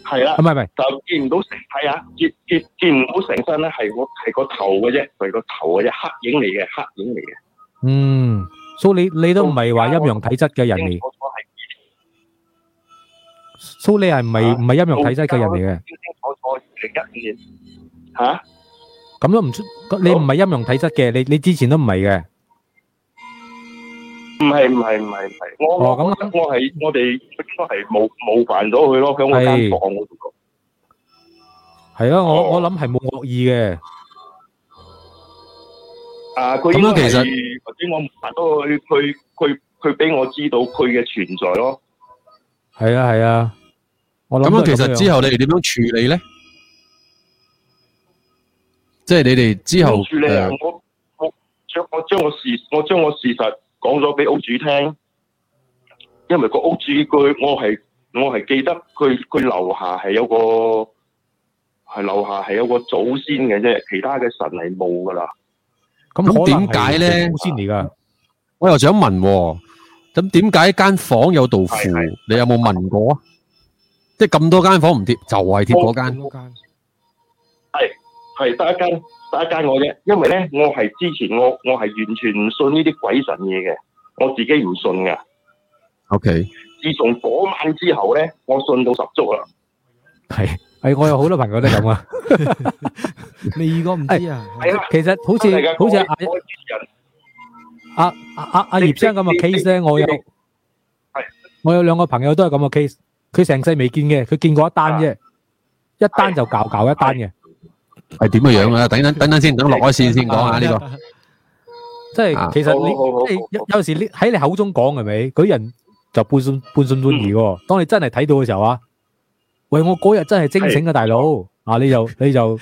係啦，唔係唔係，就見唔到成，係啊，見見見唔到成身咧，係我係個頭嘅啫，係個頭嘅啫，黑影嚟嘅，黑影嚟嘅。嗯，蘇你你都唔係話陰陽體質嘅人嚟，蘇你係唔係唔係陰陽體質嘅人嚟嘅？吓，咁都唔錯，你唔係陰陽體質嘅，你你之前都唔係嘅。唔係唔係唔係唔係，我、哦、我我係我哋應該係冒冒犯咗佢咯，咁我間房嗰度個係咯，我我諗係冇惡意嘅。啊，佢應該係或者我冒犯咗佢，佢佢佢俾我知道佢嘅存在咯。係啊係啊，我諗樣其實之後你哋點樣處理咧？即係、就是、你哋之後處理啊！我我將我將我事我將我事實。講咗俾屋主聽，因為個屋主佢我係我係記得佢佢樓下係有個係樓下係有個祖先嘅啫，其他嘅神係冇噶啦。咁點解咧？祖先嚟噶，我又想問，咁點解間房有道符？你有冇問過啊？即係咁多間房唔貼，就係貼嗰間。係係得一間。第一間我啫，因為咧，我係之前我我係完全唔信呢啲鬼神嘢嘅，我自己唔信噶。OK，自從嗰晚之後咧，我信到十足啦。係，係我有好多朋友都咁 啊。你如果唔知啊，係啊，其實好似好似阿阿阿葉生咁嘅 case，我有，我有兩個朋友都係咁嘅 case，佢成世未見嘅，佢見過一單啫，一單就搞搞一單嘅。係點樣樣啊？等等等等先，等落開線先講下呢、這個。 即係其實你即係有有時你喺你口中講係咪？嗰人就半信半信半疑嘅。當你真係睇到嘅時候啊，喂，我嗰日真係清醒嘅、啊、大佬啊！你就你就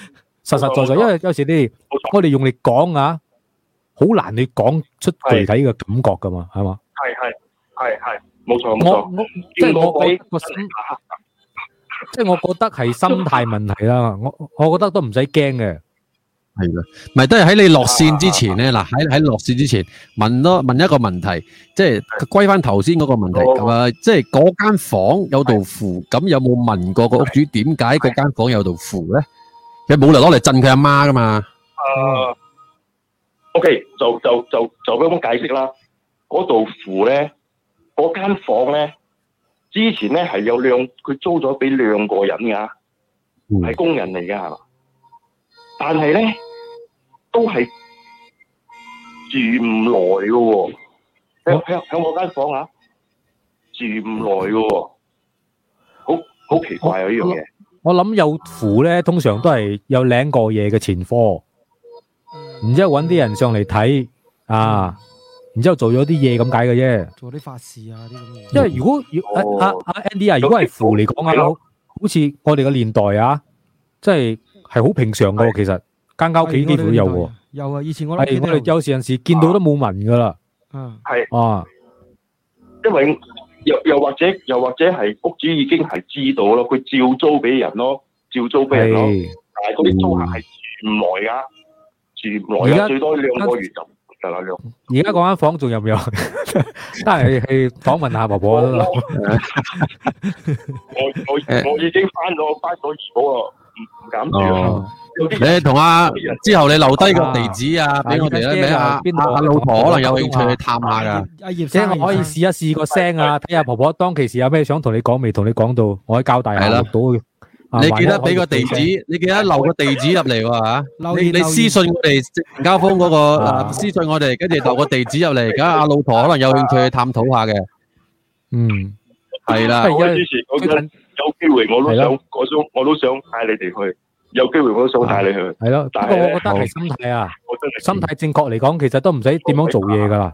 實實在在，因為有時啲我哋用力講啊，好難你講出具體嘅感覺噶嘛，係嘛？係係係係，冇錯我我即係我俾個、嗯即係我覺得係心態問題啦，我我覺得都唔使驚嘅。係啦，咪都係喺你落線之前咧，嗱喺喺落線之前問多，問一個問題，即係歸翻頭先嗰個問題，係嘛？即係嗰間房有道符，咁有冇問過個屋主點解嗰間房有道符咧？佢冇理由攞嚟震佢阿媽噶嘛？誒，OK，就就就就咁樣解釋啦。嗰道符咧，嗰間房咧。之前咧係有兩，佢租咗俾兩個人噶，係工人嚟嘅係嘛？但係咧都係住唔耐嘅喎，喺喺我間房嚇，住唔耐嘅喎，好好奇怪啊呢樣嘢！我諗有符咧，通常都係有領過嘢嘅前科，然之後揾啲人上嚟睇啊。然之後做咗啲嘢，咁解嘅啫，做啲法事啊啲咁嘅。因為如果如阿阿 Andy 啊，啊 Andy, 如果係符嚟講啊、嗯，好，好似我哋嘅年代啊，嗯、即係係好平常嘅、嗯，其實間間屋企幾乎、啊、都有喎。有啊，以前我咧見到有時陣時見到都冇聞噶啦。嗯、啊，係啊，因為又又或者又或者係屋主已經係知道咯，佢照租俾人咯，照租俾人咯、嗯，但係嗰啲租客係住唔耐噶，住唔耐噶，最多兩個月就。就攞用，而家嗰間房仲有唔有？得嚟去訪問下婆婆啦。我我我已經翻咗翻咗二寶啊，唔唔敢住。你同阿之後，你留低個地址啊，俾我哋咧，咩啊？邊阿阿老婆可能有興趣探下。葉姐可以試一試個聲啊，睇下婆婆當其時有咩想同你講未？同你講到，我喺交大學到嘅。你記得俾個地址，你記得留個地址入嚟喎吓。你你私信我哋交鋒嗰個，私信我哋跟住留個地址入嚟，而家阿老婆可能有興趣去探討下嘅。嗯，係啦。之前嗰陣有機會我都想嗰種，我都想帶你哋去。有機會我都想帶你去。係咯，不過我覺得係心態啊，心態正確嚟講，其實都唔使點樣做嘢噶啦。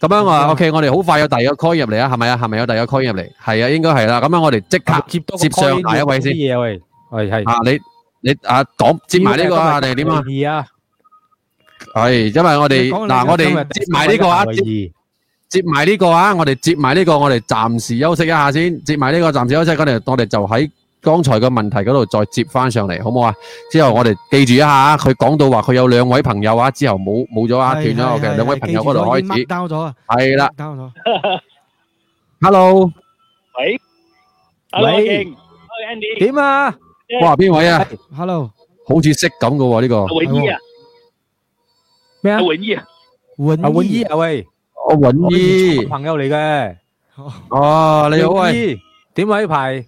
咁樣啊，OK，我哋好快有第二個 call 入嚟啊，係咪啊，係咪有第二個 call 入嚟？係啊，應該係啦。咁樣我哋即刻接接上哪一位先？係係啊，你你啊，講接埋呢個啊，我哋點啊？二啊，係，因為我哋嗱，我哋接埋呢個啊，接埋呢個啊，我哋接埋呢個，我哋暫時休息一下先，接埋呢個暫時休息，我哋我哋就喺。剛才嘅問題嗰度再接翻上嚟，好唔好啊？之後我哋記住一下，佢講到話佢有兩位朋友啊，之後冇冇咗啊，斷咗。OK，兩位朋友嗰度開始交咗啊，係啦，交咗。Hello，喂，喂，喂，Andy，點啊？哇，邊位啊？Hello，好似識咁㗎呢個。文姨啊，咩啊？文姨，阿文姨啊喂，我文姨，朋友嚟嘅。哦，你好，喂，點位排？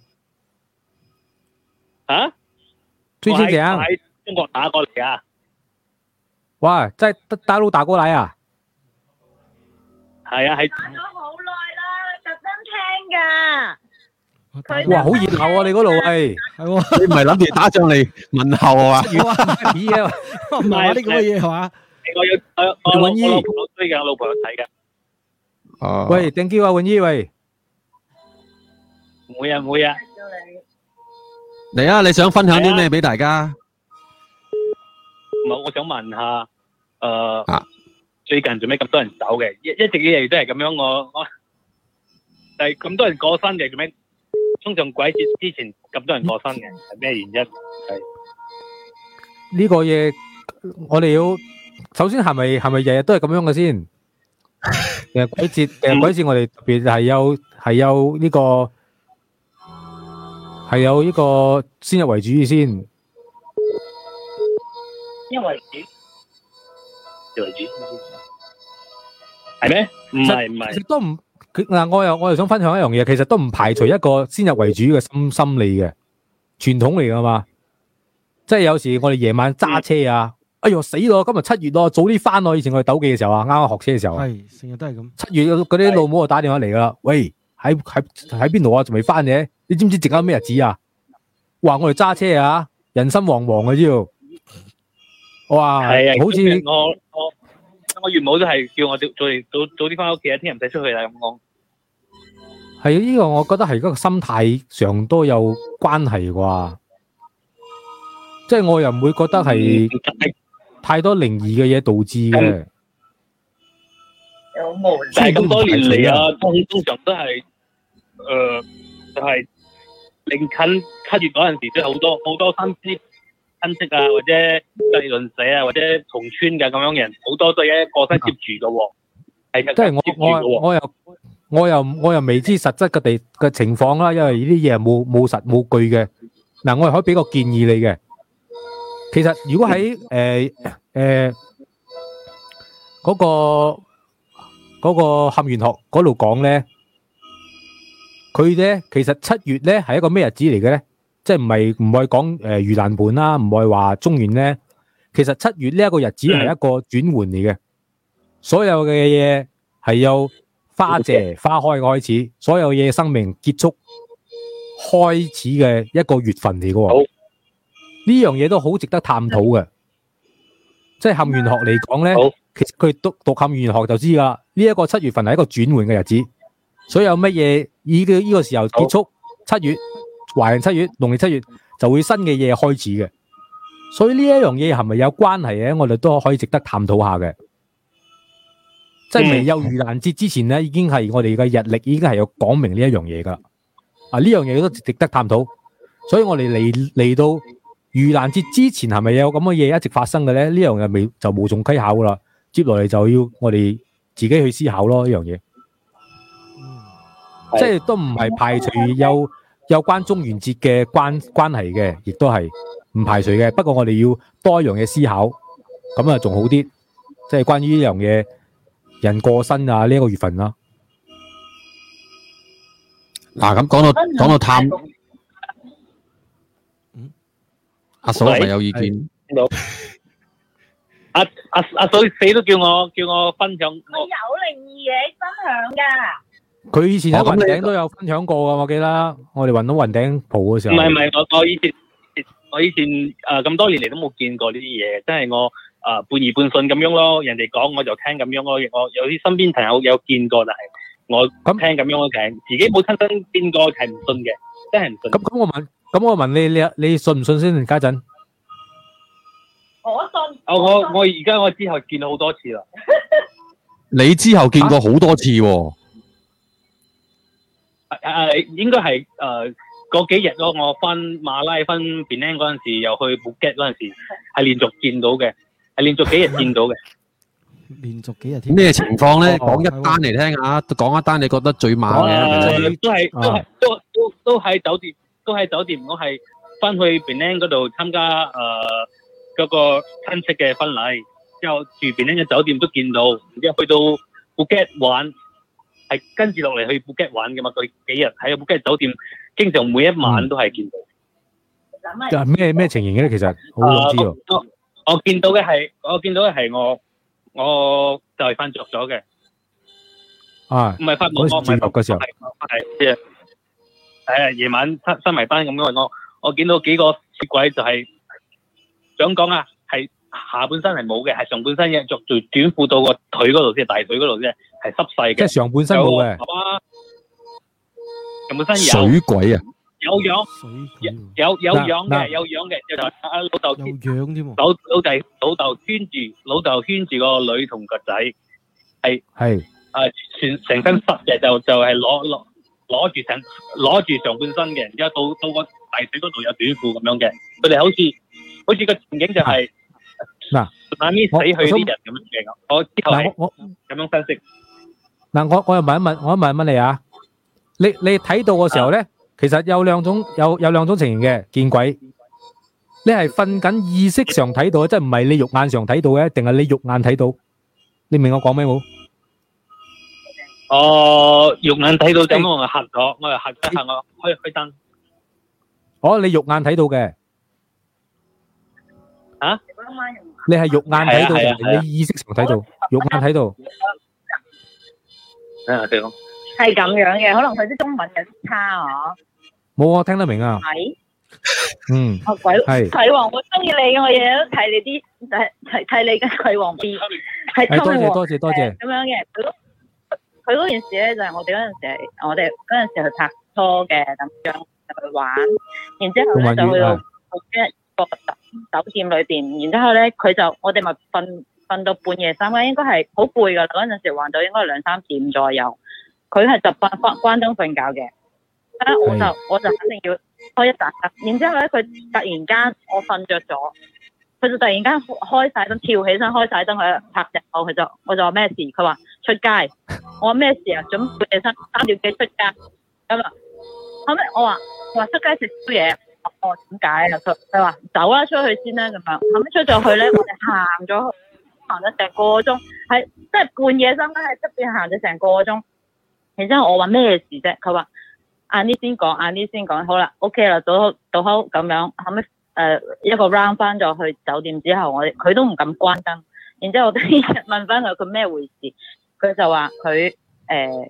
啊！最近點？喺中國打過嚟啊！哇，在大大陸打過嚟啊！係啊，係。打咗好耐啦，特登聽噶。哇，好熱鬧啊！你嗰度係係，你唔係諗住打仗嚟問候係嘛？咦，乜嘢？唔係呢個嘢係嘛？我要我我尹姨，最近我老婆睇㗎。哦，喂，點叫啊？尹姨喂？冇啊冇啊。嚟啊！你想分享啲咩俾大家？唔係，我想問下，誒，最近做咩咁多人走嘅？一一直以嚟都係咁樣，我我但係咁多人過身做咩？通常鬼節之前咁多人過身，係咩原因？係呢個嘢，我哋要首先係咪係咪日日都係咁樣嘅先？日鬼節，日鬼節我哋特別係有係有呢個。係有呢個先入為主意先，先為主，先為主，係咩？唔係唔係，都唔嗱，我又我又想分享一樣嘢，其實都唔排除一個先入為主嘅心心理嘅傳統嚟噶嘛。即係有時我哋夜晚揸車啊、嗯，哎喲死咯，今日七月咯，早啲翻咯。以前我哋鬥記嘅時候啊，啱啱學車嘅時候，係成日都係咁。七月嗰啲老母就打電話嚟噶喇，喂，喺喺喺邊度啊？仲未翻嘅？你知唔知而家咩日子啊？話我哋揸車啊，人心惶惶嘅要，哇！好似我我我岳母都係叫我早早早早啲翻屋企啊，聽日唔使出去啦咁講。係啊，呢個我覺得係嗰個心態上都有關係啩，即係我又唔會覺得係太多靈異嘅嘢導致嘅。但係咁多年嚟啊，通常都係誒，就係。近近七月嗰陣時，都好多好多親戚親戚啊，或者鄰鄰舍啊，或者同村嘅咁樣人，好多都係過身接住嘅喎。係，即係我我我又我又我又未知實質嘅地嘅情況啦，因為呢啲嘢係冇冇實冇據嘅。嗱，我係可以俾個建議你嘅。其實如果喺誒誒嗰個嗰個合元學嗰度講咧。佢咧其實七月咧係一個咩日子嚟嘅咧？即係唔係唔係講誒，盂蘭盆啦，唔係話中元咧。其實七月呢一個日，呢是、呃啊、呢月個日子係一個轉換嚟嘅，所有嘅嘢係有花謝花開開始，所有嘢生命結束開始嘅一個月份嚟嘅、哦。好呢樣嘢都好值得探討嘅，即係堪輿學嚟講咧，其實佢讀讀堪輿學就知噶啦。呢、這、一個七月份係一個轉換嘅日子。所有乜嘢以嘅呢個時候結束，七月，華人七月，農曆七月就會新嘅嘢開始嘅。所以呢一樣嘢係咪有關係嘅？我哋都可以值得探討下嘅。即係未有盂蘭節之前咧，已經係我哋嘅日曆，已經係有講明呢一樣嘢噶啦。啊，呢樣嘢都值得探討。所以我哋嚟嚟到盂蘭節之前，係咪有咁嘅嘢一直發生嘅咧？呢樣嘢未就無從稽考噶啦。接落嚟就要我哋自己去思考咯呢樣嘢。即係都唔係排除有有關中元節嘅關關係嘅，亦都係唔排除嘅。不過我哋要多樣嘅思考，咁啊仲好啲。即、就、係、是、關於呢樣嘢，人過身啊呢一、這個月份啦、啊。嗱、啊，咁講到講到探，阿嫂係咪有意見？阿阿阿嫂，死都叫我叫我分享。我有靈異嘢分享噶。佢以前喺雲頂都有分享過噶，我記得我哋搵到雲頂蒲嘅時候。唔係唔係，我我以前我以前誒咁、呃、多年嚟都冇見過呢啲嘢，真係我誒、呃、半疑半信咁樣咯。人哋講我就聽咁樣咯，我有啲身邊朋友有見過，但係我聽咁樣嘅、嗯，自己冇親身見過係唔信嘅，真係唔信。咁咁我問，咁我問你你你信唔信先，家陣？我信，我信我我而家我之後見到好多次啦。 你之後見過好多次。誒，應該係誒嗰幾日咯。我翻馬拉翻 Bilin 嗰陣時，又去 Bogat 嗰陣時，係連續見到嘅，係連續幾日見到嘅。連續幾日？咩情況咧？講一單嚟聽下，講一單你覺得最猛嘅。誒，都係都係都都都喺酒店，都喺酒店。我係翻去 Bilin 嗰度參加誒嗰個親戚嘅婚禮，之後住 Bilin 嘅酒店都見到，然之後去到 Bogat 玩。係跟住落嚟去布吉玩噶嘛？佢幾日喺布吉酒店，經常每一晚都係見到。啊，咩咩情形嘅咧？其實好唔知喎。我見到嘅係，我見到嘅係，我我就係瞓著咗嘅。啊，唔係瞓夢覺，唔係瞓著嘅時候。係，係，係。誒夜晚收收埋單咁樣，我我見到幾個小鬼就係想講啊，係下半身係冇嘅，係上半身着住短褲到個腿嗰度啫，大腿嗰度啫。係濕細嘅，即係上半身冇嘅，上半身有水鬼啊，有樣，有有樣嘅，有樣嘅，就老豆有樣添喎，老老豆，老豆圈住，老豆圈住個女同個仔，係係，係全成身濕嘅，就就係攞攞攞住上攞住上半身嘅，然之後到到個大水嗰度有短褲咁樣嘅，佢哋好似好似個情景就係嗱，阿咪死去啲人咁樣嘅，我之後係咁樣分析。嗱，我我又問一問，我問一問你啊，你你睇到嘅時候咧，其實有兩種有有兩種情形嘅見鬼，你係瞓緊意識上睇到，即係唔係你肉眼上睇到嘅，定係你肉眼睇到？你明我講咩冇？哦，肉眼睇到。點解我吓咗？我係吓咗吓我，開開燈。哦，你肉眼睇到嘅。啊？你係肉眼睇到，你意識上睇到，肉眼睇到。啊，對咯，係咁樣嘅，可能佢啲中文有啲差啊，冇啊，聽得明、 嗯、啊，係，嗯，鬼，係，王，我中意你嘅，我日日都睇你啲，睇睇睇你嘅鬼王 B，係，多謝多謝多謝，咁樣嘅，佢嗰佢件事咧就係我哋嗰陣時，我哋嗰陣時去拍拖嘅咁樣，就去玩，然之後咧就去到一個酒店裏邊，然之後咧，佢就我哋咪瞓。瞓到半夜三更，應該係好攰㗎啦。嗰陣時玩到應該兩三點左右，佢係習慣關燈瞓覺嘅。啊，我就我就肯定要開一盞燈。然之後咧，佢突然間我瞓着咗，佢就突然間開晒燈，跳起身開晒燈，佢拍隻手，佢就我就話咩事？佢話出街。我話咩事啊？準備起身。三點幾出街咁啊。後尾我話出街食宵夜。我點解啦佢，佢話走啦，啊，出去先啦，啊，咁樣。後尾出咗去咧，我哋行咗。 行咗成個鐘，係即係半夜三更喺側邊行咗成個鐘，然之後我話咩事啫？佢話晏啲先講，晏啲先講。好啦，O K 啦，倒倒好咁樣，後尾誒一個 round 翻咗去酒店之後，我佢都唔敢關燈，然之後我都問翻佢，佢咩回事，佢就話佢誒誒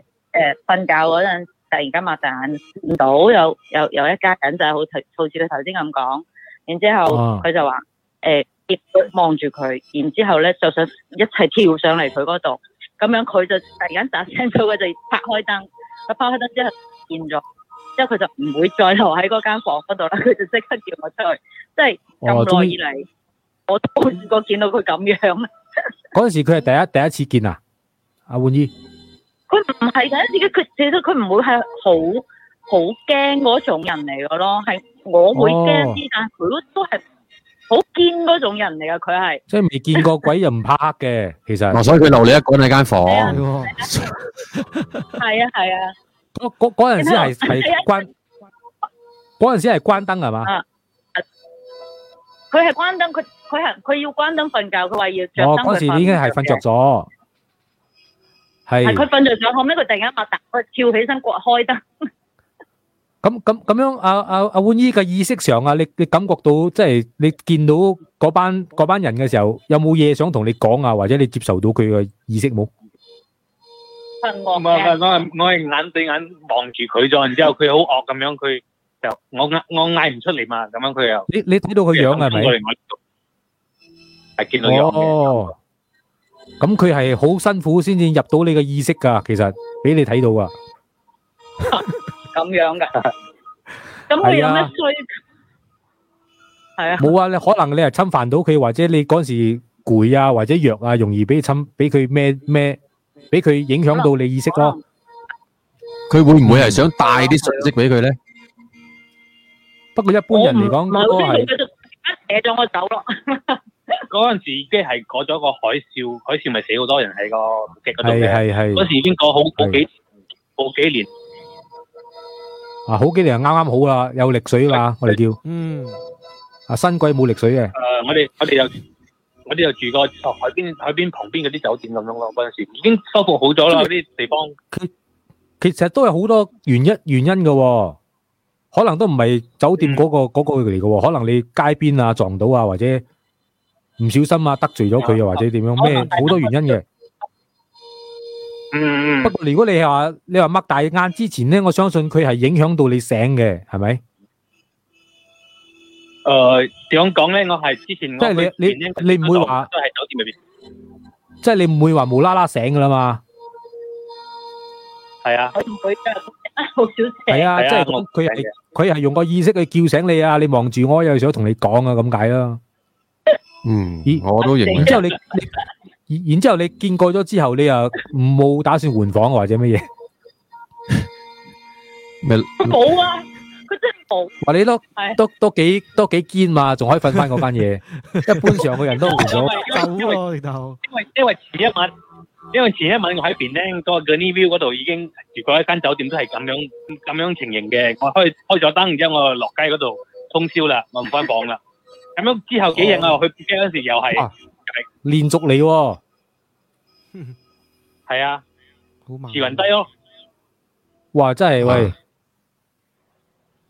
瞓覺嗰陣突然間擘大眼唔到，有有有一家人就係好似好似佢頭先咁講，然之後佢就話誒。望住佢，然之後咧就想一齊跳上嚟佢嗰度，咁樣佢就突然間大聲咗，佢就拍開燈，佢拍開燈之後見咗，之後佢就唔會再留喺嗰間房嗰度啦，佢就即刻叫我出去，即係咁耐以嚟、哦，我都冇試過見到佢咁樣。嗰陣時佢係第一 第一次見啊，阿婉姨。佢唔係第一次嘅，佢其實佢唔會係好好驚嗰種人嚟嘅咯，係我會驚啲，但係佢都都係。好堅嗰種人嚟噶，佢係即係未見過鬼又唔怕黑嘅，其實，所以佢留你一個人喺間房。係啊係啊，嗰嗰嗰陣時係係關，嗰陣時係關燈係嘛？佢係關燈，佢佢係佢要關燈瞓覺，佢話要着燈瞓覺。哦，嗰時已經係瞓着咗，係佢瞓着咗，後屘佢突然間擘大，佢跳起身開燈。咁咁咁樣，阿阿阿煥姨嘅意識上啊，你你感覺到即係你見到嗰班嗰班人嘅時候，有冇嘢想同你講啊？或者你接受到佢嘅意識冇？唔係，我係我係眼對眼望住佢咗，然之後佢好惡咁樣，佢就我嗌我嗌唔出嚟嘛，咁樣佢又。你你睇到佢樣係咪？係見到樣。哦。咁佢係好辛苦先至入到你嘅意識㗎，其實俾你睇到啊。咁樣噶，咁你有咩需求？係啊，冇啊！你可能你係侵犯到佢，或者你嗰陣時攰啊，或者弱啊，容易俾侵，俾佢咩咩，俾佢影響到你意識咯。佢會唔會係想帶啲信息俾佢咧？不過一般人嚟講，唔係，一扯咗我走咯。嗰陣時已經係過咗個海嘯，海嘯咪死好多人喺個嘅嗰度嘅。係係係，嗰時已經過好好幾好幾年。啊，好幾年又啱啱好啦，有溺水啦，我哋叫。嗯。啊，新季冇溺水嘅。誒，我哋我哋又我哋又住過海邊海邊旁邊嗰啲酒店咁樣咯，嗰陣時已經修復好咗啦，嗰啲地方。佢其，其實都有好多原因原因嘅、哦，可能都唔係酒店嗰、嗰個嗰、嗯嗰個嚟嘅、哦，可能你街邊啊撞到啊，或者唔小心啊得罪咗佢啊，或者點樣咩，好多原因嘅。嗯，不過如果你話你話擘大眼之前咧，我相信佢係影響到你醒嘅，係咪？誒，點樣講咧？我係之前即係你你你唔會話即係酒店入邊，即係你唔會話無啦啦醒噶啦嘛？係啊，好少醒係啊，即係佢係佢係用個意識去叫醒你啊！你望住我，又想同你講啊，咁解咯。嗯，我都認同。之後你你。然之後你見過咗之後，你又冇打算換房或者乜嘢？佢冇啊，佢真係冇。話你都都都幾都幾堅嘛，仲可以瞓翻嗰間嘢。一般上嘅人都唔想走咯。因為因為前一晚，因為前一晚我喺邊咧，個個 review 嗰度已經住過一間酒店，都係咁樣咁樣情形嘅。我開開咗燈，然之後我落街嗰度通宵啦，我唔翻房啦。咁樣之後幾日我去北京嗰時又係係連續嚟喎。係啊，字雲低咯。哇，真係喂，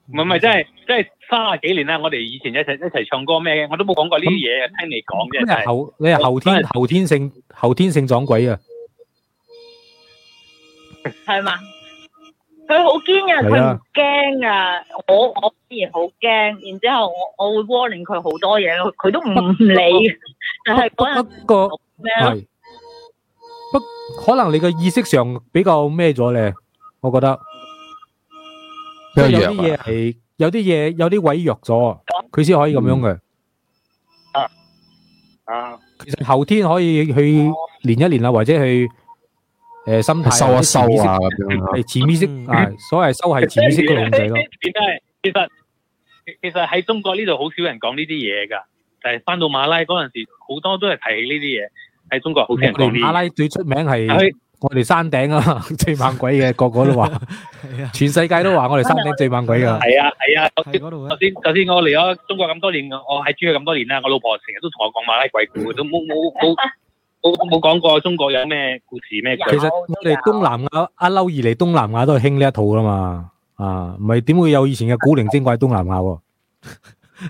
唔係唔係，真係真係卅啊幾年啦。我哋以前一齊一齊唱歌咩，我都冇講過呢啲嘢，聽你講嘅。後你係後天後天性後天性撞鬼啊？係嘛？佢好堅啊，佢唔驚噶。我我自然好驚，然之後我我會 warning 佢好多嘢，佢都唔理。但係嗰日咩？可能你個意識上比較咩咗咧，我覺得，因為有啲嘢，係有啲嘢有啲毀弱咗，佢先可以咁樣嘅。啊啊，其實後天可以去練一練啦，或者去誒心態修一修啊，潛意識啊，所謂修係潛意識嘅問題咯。係，其實其實喺中國呢度好少人講呢啲嘢㗎，但係翻到馬拉嗰陣時，好多都係提起呢啲嘢。喺中國好聽講，馬拉最出名係我哋山頂啊，最猛鬼嘅，個個都話，全世界都話我哋山頂最猛鬼噶。係啊係啊，頭先頭先我嚟咗中國咁多年，我喺珠海咁多年啦，我老婆成日都同我講馬拉鬼故，都冇冇冇冇冇講過中國有咩故事咩。其實我哋東南亞一溜而嚟，東南亞都係興呢一套噶嘛，啊，唔係點會有以前嘅古靈精怪東南亞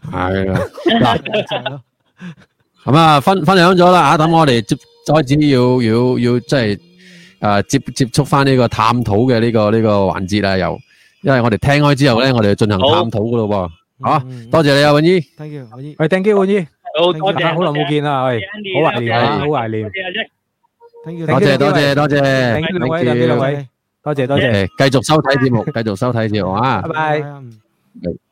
喎？係啊。咁啊，分分享咗啦吓，等我哋接開始要要要，即係誒接接觸翻呢個探討嘅呢個呢個環節啦，又，因為我哋聽開之後咧，我哋就進行探討噶咯喎，吓，多謝你啊，尹姨，thank you，尹姨，喂，thank you，尹姨，好多謝，好耐冇見啊，喂，好懷念，好懷念，thank you，多謝多謝多謝，thank you，多謝多謝，繼續收睇節目，繼續收睇節目啊，拜拜。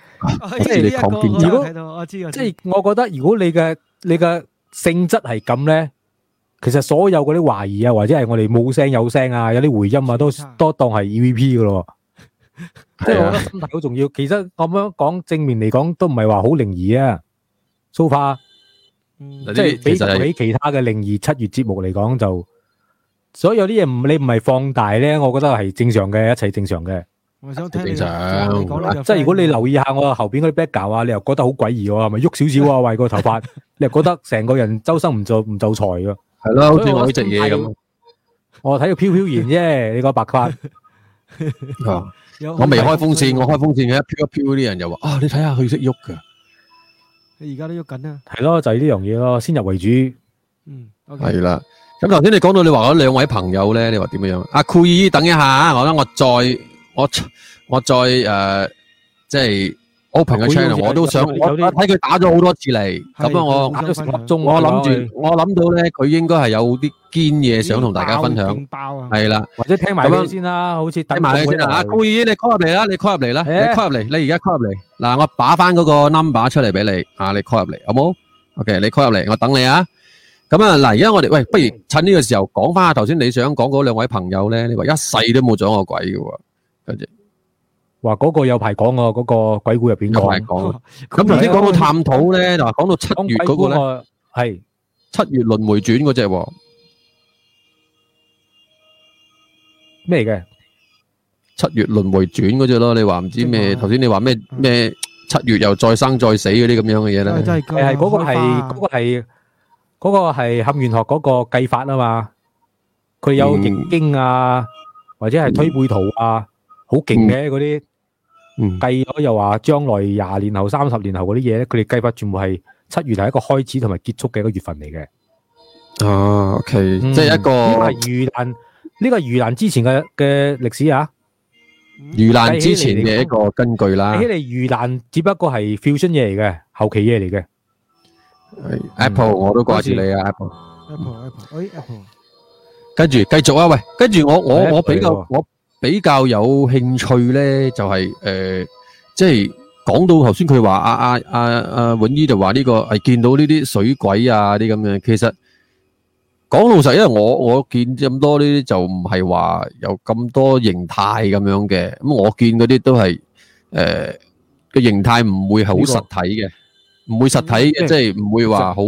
即係你抗辯。如果我知，即係我覺得，如果你嘅你嘅性質係咁咧，其實所有嗰啲懷疑啊，或者係我哋冇聲有聲啊，有啲回音啊，都都當係 EVP 噶咯。即係我覺得心態好重要。其實咁樣講正面嚟講，都唔係話好靈異啊。So far，即係比比其他嘅靈異七月節目嚟講，就所有啲嘢，唔你唔係放大咧，我覺得係正常嘅，一切正常嘅。我想聽，即係如果你留意下我後邊嗰啲 background 啊，你又覺得好詭異喎，係咪喐少少啊？為個頭髮，你又覺得成個人周身唔做唔就財噶，係咯，好似我呢隻嘢咁。我睇到飄飄然啫，你個白髮。我未開風扇，我開風扇嘅一飄一飄，啲人又話啊，你睇下佢識喐噶。你而家都喐緊啊？係咯，就係呢樣嘢咯，先入為主。嗯，係啦。咁頭先你講到你話嗰兩位朋友咧，你話點樣？阿酷爾，等一下，我咧我再。我我再誒，即係 open 嘅 channel，我都想我睇佢打咗好多次嚟，咁樣我打咗十粒鐘，我諗住我諗到咧，佢應該係有啲堅嘢想同大家分享，係啦，或者聽埋咁樣先啦，好似聽埋佢先啦吓，高宇，你 call 入嚟啦，你 call 入嚟啦，你 call 入嚟，你而家 call 入嚟，嗱，我把翻嗰個 number 出嚟俾你，啊，你 call 入嚟好冇？OK，你 call 入嚟，我等你啊。咁啊，嗱，而家我哋喂，不如趁呢個時候講翻下頭先你想講嗰兩位朋友咧，你話一世都冇撞過鬼嘅。嗰隻話嗰個有排講個嗰個鬼故入邊講，咁頭先講到探討咧，就話講到七月嗰個係七月輪回轉嗰隻，咩嚟嘅？七月輪回轉嗰隻咯，你話唔知咩？頭先你話咩咩七月又再生再死嗰啲咁樣嘅嘢咧？係係嗰個係嗰個係嗰個係《坎元學》嗰個計法啊嘛，佢有易經啊，或者係推背圖啊。好勁嘅嗰啲，計咗又話將來廿年後、三十年後嗰啲嘢咧，佢哋計劃全部係七月係一個開始同埋結束嘅一個月份嚟嘅。哦，OK，即係一個。呢個係遇難，呢個遇難之前嘅嘅歷史啊。遇難之前嘅一個根據啦。睇嚟遇難只不過係 fusion 嘢嚟嘅，後期嘢嚟嘅。Apple，我都掛住你啊！Apple，Apple，Apple，哎，Apple，跟住繼續啊！喂，跟住我，我，我比較我。比較有興趣咧、就係呃，就係、係、誒，即係講到頭先佢話啊啊啊阿永、啊、姨就話呢、呢個係見到呢啲水鬼啊啲咁樣，其實講老實，因為我我見咁多呢啲就唔係話有咁多形態咁樣嘅，咁我見嗰啲都係誒個形態唔會好實體嘅，唔、這個、會實體即係唔會話好。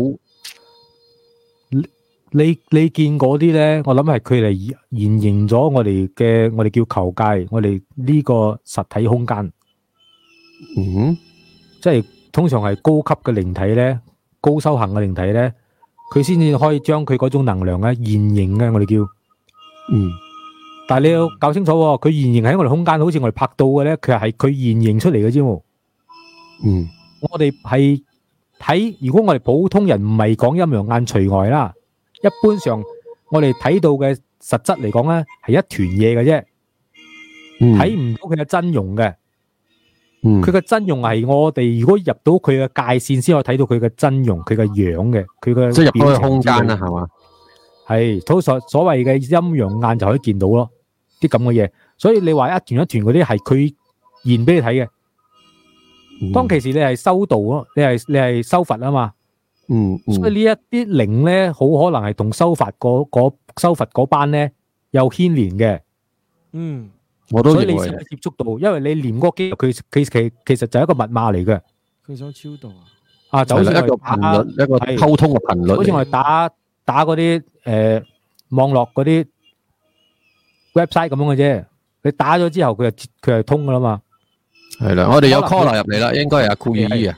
你你見嗰啲咧，我諗係佢哋現形咗我哋嘅我哋叫球界，我哋呢個實體空間。嗯，即係通常係高級嘅靈體咧，高修行嘅靈體咧，佢先至可以將佢嗰種能量咧現形嘅，我哋叫嗯。但係你要搞清楚，佢現形喺我哋空間，好似我哋拍到嘅咧，佢係佢現形出嚟嘅啫。嗯，我哋係睇，如果我哋普通人唔係講陰陽眼除外啦。一般上，我哋睇到嘅實質嚟講咧，係一團嘢嘅啫，睇唔到佢嘅真容嘅。嗯，佢嘅真容係我哋如果入到佢嘅界線先可以睇到佢嘅真容，佢嘅樣嘅，佢嘅即係入到去空間啦，係嘛？係，所所所謂嘅陰陽眼就可以見到咯，啲咁嘅嘢。所以你話一團一團嗰啲係佢現俾你睇嘅。當其時你係修道咯，你係你係修佛啊嘛。嗯，所以呢一啲零咧，好可能係同修佛嗰嗰修佛嗰班咧有牽連嘅。嗯，我都所以你先接觸到，因為你連嗰機，佢其實其實其實就係一個密碼嚟嘅。佢想超度啊？啊，就好似一個頻率，一個溝通嘅頻率，好似我哋打打嗰啲誒網絡嗰啲 website 咁樣嘅啫。你打咗之後，佢就佢就通噶啦嘛。係啦，我哋有 call 入嚟啦，應該係阿 coolie 啊。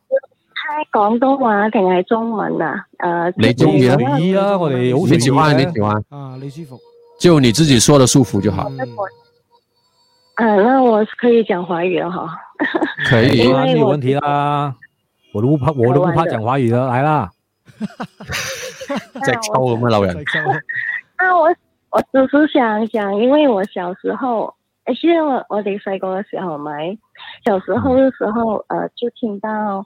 廣東話定係中、呃、中文啊？誒，你中意啊，我哋你喜歡你喜歡啊，你舒服，就你自己說得舒服就好。嗯，啊、那我可以講華語啦，哈，可以啊，你有問題啦，我都不怕，我都不怕講華語啦，來啦，即係抽咁嘅老人。 啊，我 啊我，我只是想講，因為我小時候誒，雖然我我哋細個嘅時候咪，小時候嘅時，時候，誒、呃，就聽到。嗯呃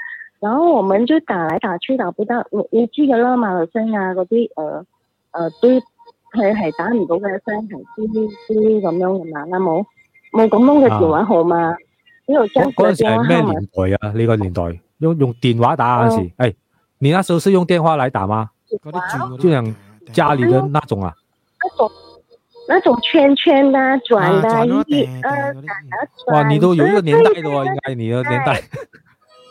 然後我們就打來打去打不到，你你知噶啦，馬來西亞啊嗰啲，誒誒都係係打唔到嘅聲，係啲啲咁樣嘅嘛，啱、嗯、冇？冇、呃、咁樣嘅電話號碼，呢個真係係。嗰陣係咩年代啊？呢、啊這個年代用用電話打嗰陣時，誒、啊哎，你那時候是用電話來打嗎？就響家裏的那種啊？那種那種圈圈啊，轉來轉去，哇！你都有一個年代嘅喎、啊，應該你嘅年代。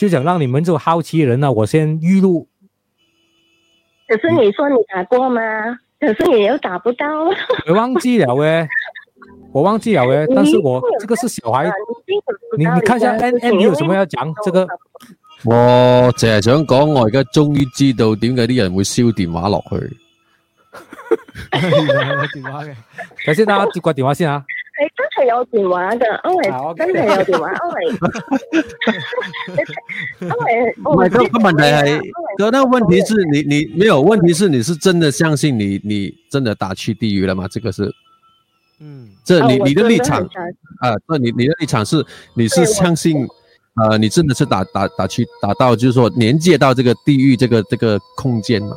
就想讓你們這種好奇人啊！我先預錄。可是你說你打過嗎？可是你又打不到。我忘記了誒，我忘記了誒。但是我這個是小孩，你你看下，誒誒，你有什麼要講？這個只我淨係想講，我而家終於知道點解啲人會燒電話落去。係 啊， 電話嘅。睇先啦，大家掛電話先啊。有電話嘅，歐雷真的有電話，歐雷，歐雷唔係，個 Okay. 問題係，個問題係，你你沒有問題，是你是真的相信你你真的打去地獄了嗎？這個是，嗯，這你你的立場啊，對、呃，你你的立場是你是相信，啊、呃，你真的是打打打去打到，就是說連接到這個地獄這個這個空間嘛？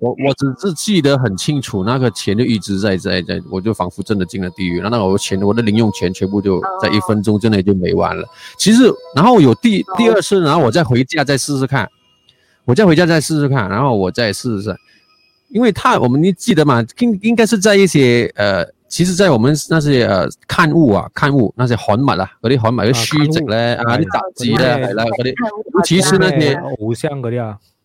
我我只是記得很清楚，那個錢就一直在在在，我就仿佛真的進了地獄。那那我的錢，我的零用錢全部就在一分鐘之內就沒完了。其實，然後有第第二次，然後我再回家再試試看，我再回家再試試看，然後我再試試。因為他，我們你記得嘛？應應該是在一些呃，其實，在我們那些呃刊物啊、刊物那些黃碼啦，那些黃碼嘅虛整咧哪裡雜誌咧啦，其實那些偶像嗰啲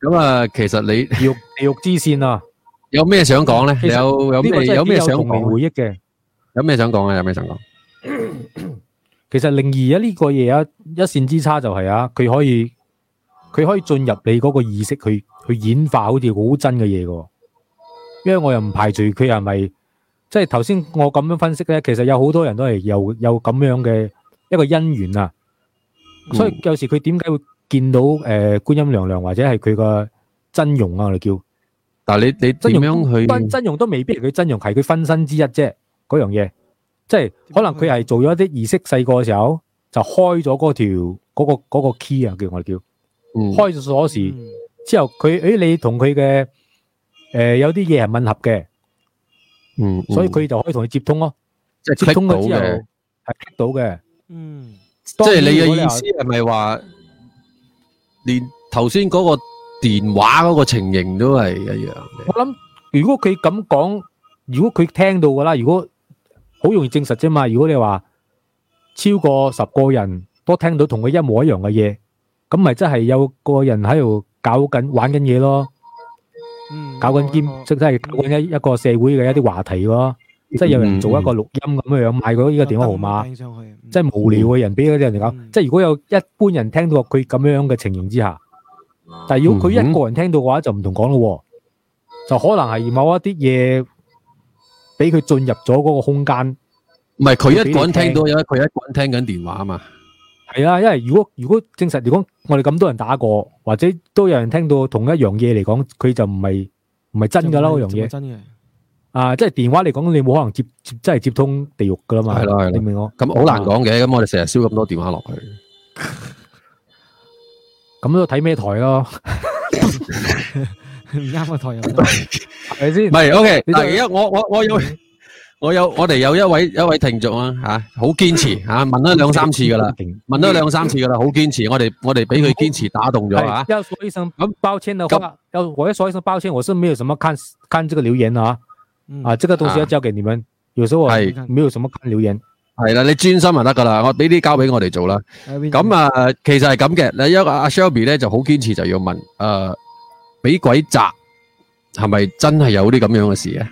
咁啊，其實你肉地獄之線啊，有咩想講咧？有有咩有咩想講？回憶嘅，有咩想講啊？有咩想講？其實靈異啊，呢個嘢啊，一線之差就係啊，佢可以佢可以進入你嗰個意識去去演化，好似好真嘅嘢噶。因為我又唔排除佢係咪即係頭先我咁樣分析咧？其實有好多人都係有有咁樣嘅一個因緣啊，所以有時佢點解會？見到誒，觀音娘娘或者係佢個真容啊，我哋叫。但係你你點樣去真真容都未必係佢真容，係佢分身之一啫。嗰樣嘢，即係可能佢係做咗一啲儀式，細個嘅時候就開咗嗰條嗰個嗰個 key 啊，叫我哋叫，開咗鎖匙之後，佢誒，你同佢嘅誒有啲嘢係吻合嘅，嗯，所以佢就可以同你接通咯，即係接通咗之後，係得到嘅，嗯，即係你嘅意思係咪話？連頭先嗰個電話嗰個情形都係一樣嘅。我諗，如果佢咁講，如果佢聽到噶啦，如果好容易證實啫嘛。如果你話超過十個人都聽到同佢一模一樣嘅嘢，咁咪真係有個人喺度搞緊玩緊嘢咯。嗯，搞緊兼即係搞緊一一個社會嘅一啲話題咯。即係有人做一個錄音咁樣樣，買嗰呢個電話號碼、嗯嗯，即係無聊嘅人俾嗰啲人嚟講、嗯。即係如果有一般人聽到佢咁樣嘅情形之下，但係如果佢一個人聽到嘅話就唔同講咯、嗯，就可能係某一啲嘢俾佢進入咗嗰個空間。唔係佢一個人聽到，佢一個人聽緊電話啊嘛。係啊，因為如果如果證實嚟講，如果我哋咁多人打過，或者都有人聽到同一樣嘢嚟講，佢就唔係唔係真噶啦，呢樣嘢。啊，即係電話嚟講，你冇可能接接，即係接通地獄噶啦嘛。係咯係咯，你明我？咁好難講嘅，咁、嗯、我哋成日燒咁多電話落去，咁、嗯、都睇咩台咯？唔啱個台又係咪先？唔係 OK，第一我我我有我有我哋有一位一位聽眾啊，吓好堅持啊，問咗兩三次噶啦，問咗兩三次噶啦，好堅持，我哋我哋俾佢堅持打動咗啊。要說一聲抱歉的話，我要說一聲抱歉，我是沒有什麼看看這個留言啊。啊，即個東西要交給你們，有時候係沒有什麼看留言，係啦，你專心就得㗎喇，我俾啲交俾我哋做啦。咁啊，其實係咁嘅，嗱，一個阿 Shelby 咧就好堅持就要問，誒、呃，俾鬼壓係咪真係有啲咁樣嘅事啊？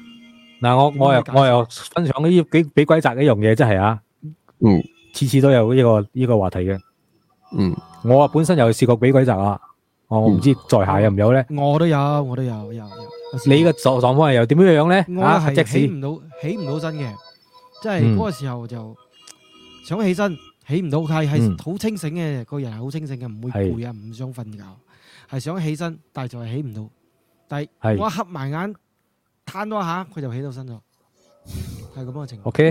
嗱，我我又我又分享啲俾鬼壓一樣嘢，真係啊，嗯，次次都有呢個呢個話題嘅、嗯，嗯，我啊本身又試過俾鬼壓啊，我唔知道在下有唔有咧，我都有，我都有，我都有。我有你嘅狀狀況係又點樣樣咧？我係起唔到，起唔到身嘅，嗯、即係嗰個時候就想起身，起唔到，係係好清醒嘅，嗯、個人係好清醒嘅，唔會攰啊，唔想瞓覺，係想起身，但係就係起唔到。但係我一合埋眼攤咗下，佢就起到身咗，係咁樣嘅情況。O、okay? K，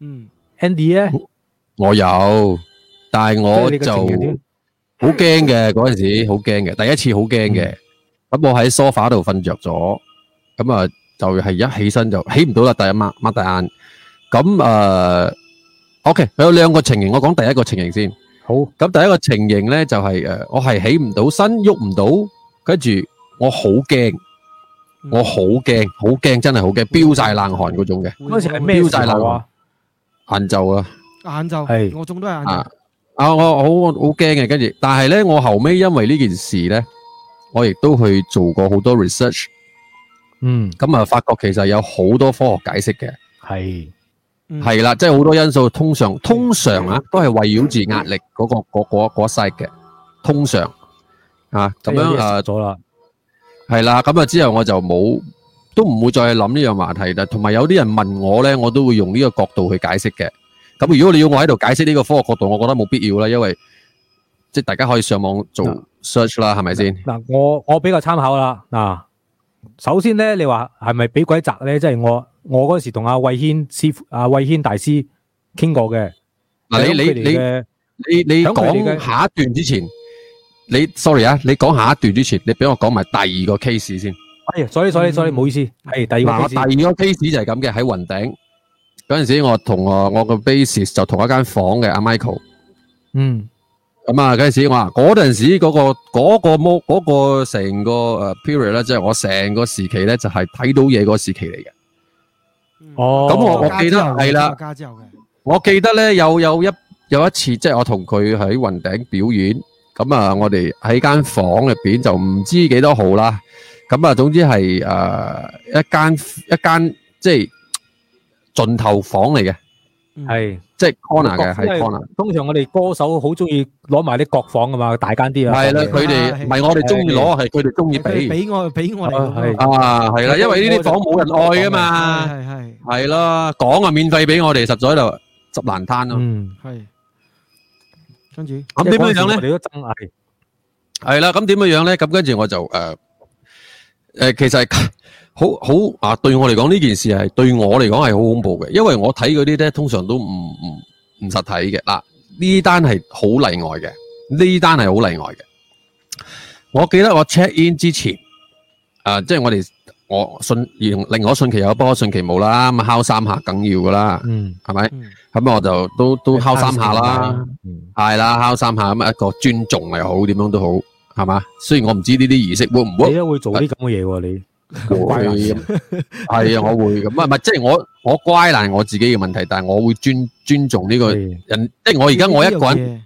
嗯，Andy 咧，我有，但係我就好驚嘅，嗰 陣時好驚嘅，第一次好驚嘅。嗯咁我喺 sofa 度瞓着咗，咁啊就係一起身就起唔到啦，第一擘擘大眼，咁誒，OK，佢有兩個情形，我講第一個情形先。好，咁第一個情形咧就係誒，我係起唔到身，喐唔到，跟住我好驚，我好驚，好驚，真係好驚，飆晒冷汗嗰種嘅。嗰時係咩時候啊？晏晝啊，晏晝係，我仲都係晏晝。啊，我好我好驚嘅，跟住，但係咧，我後尾因為呢件事咧。我亦都去做過好多 research，嗯，咁啊，發覺其實有好多科學解釋嘅，係，係、嗯、啦，即係好多因素，通常通常啊，都係圍繞住壓力嗰個嗰嗰嗰一塊嘅，通常，啊，咁樣誒、啊，咗啦，係啦，咁啊之後我就冇，都唔會再諗呢樣話題啦。同埋有啲人問我咧，我都會用呢個角度去解釋嘅。咁如果你要我喺度解釋呢個科學角度，我覺得冇必要啦，因為。即係大家可以上網做 search 啦、啊，係咪先？嗱、啊，我我俾個參考啦。嗱、啊，首先咧，你話係咪俾鬼砸咧？即、就、係、是、我我嗰時同阿慧軒師阿、啊、慧軒大師傾過嘅嗱、啊。你你你你你講下、啊、下一段之前，你 sorry 啊，你講下一段之前，你俾我講埋第二個 case 先。哎所以所以所以唔好意思係、嗯哎、第二個 case、啊。第二個 case 就係咁嘅，喺雲頂嗰陣時我，我同我我個 basis 就同一間房嘅阿 Michael 嗯。咁啊，嗰陣時我啊，嗰陣時嗰個嗰個模嗰個成個誒 period 咧，即係我成個時期咧，就係睇到嘢個時期嚟嘅。哦，咁我我記得係啦，家之後嘅。我記得咧有有一有一次，即係我同佢喺雲頂表演。咁啊，我哋喺間房入邊就唔知幾多號啦。咁啊，總之係誒一間一間即係盡頭房嚟嘅，係。即係 corner 嘅，係 corner。通常我哋歌手好中意攞埋啲國房啊嘛，大間啲啊。係啦，佢哋唔係我哋中意攞，係佢哋中意俾。俾我俾我哋。係啊，係啦，因為呢啲房冇人愛啊嘛。係係。係咯，講啊，免費俾我哋，實在就執爛攤咯。嗯，係。跟住。咁點樣樣咧？係啦，咁點樣樣咧？咁跟住我就誒誒，其實。好好啊！對我嚟講呢件事係，對我嚟講係好恐怖嘅，因為我睇嗰啲咧通常都唔唔唔實體嘅嗱，呢單係好例外嘅，呢單係好例外嘅。我記得我 check in 之前，誒、呃、即、就、係、是、我哋我信，而令我信其有波，不可信其無啦，咁敲三下梗要噶啦，嗯係咪？咁、嗯、我就都都敲三下啦、係、嗯、啦，敲三下咁一個尊重係好，點樣都好，係嘛？雖然我唔知呢啲儀式會唔會，會做啲咁嘅嘢，你。會係啊，我會咁啊，唔係，即係我我乖，係我自己嘅問題，但係我會尊尊重呢個人，即係我而家我一個人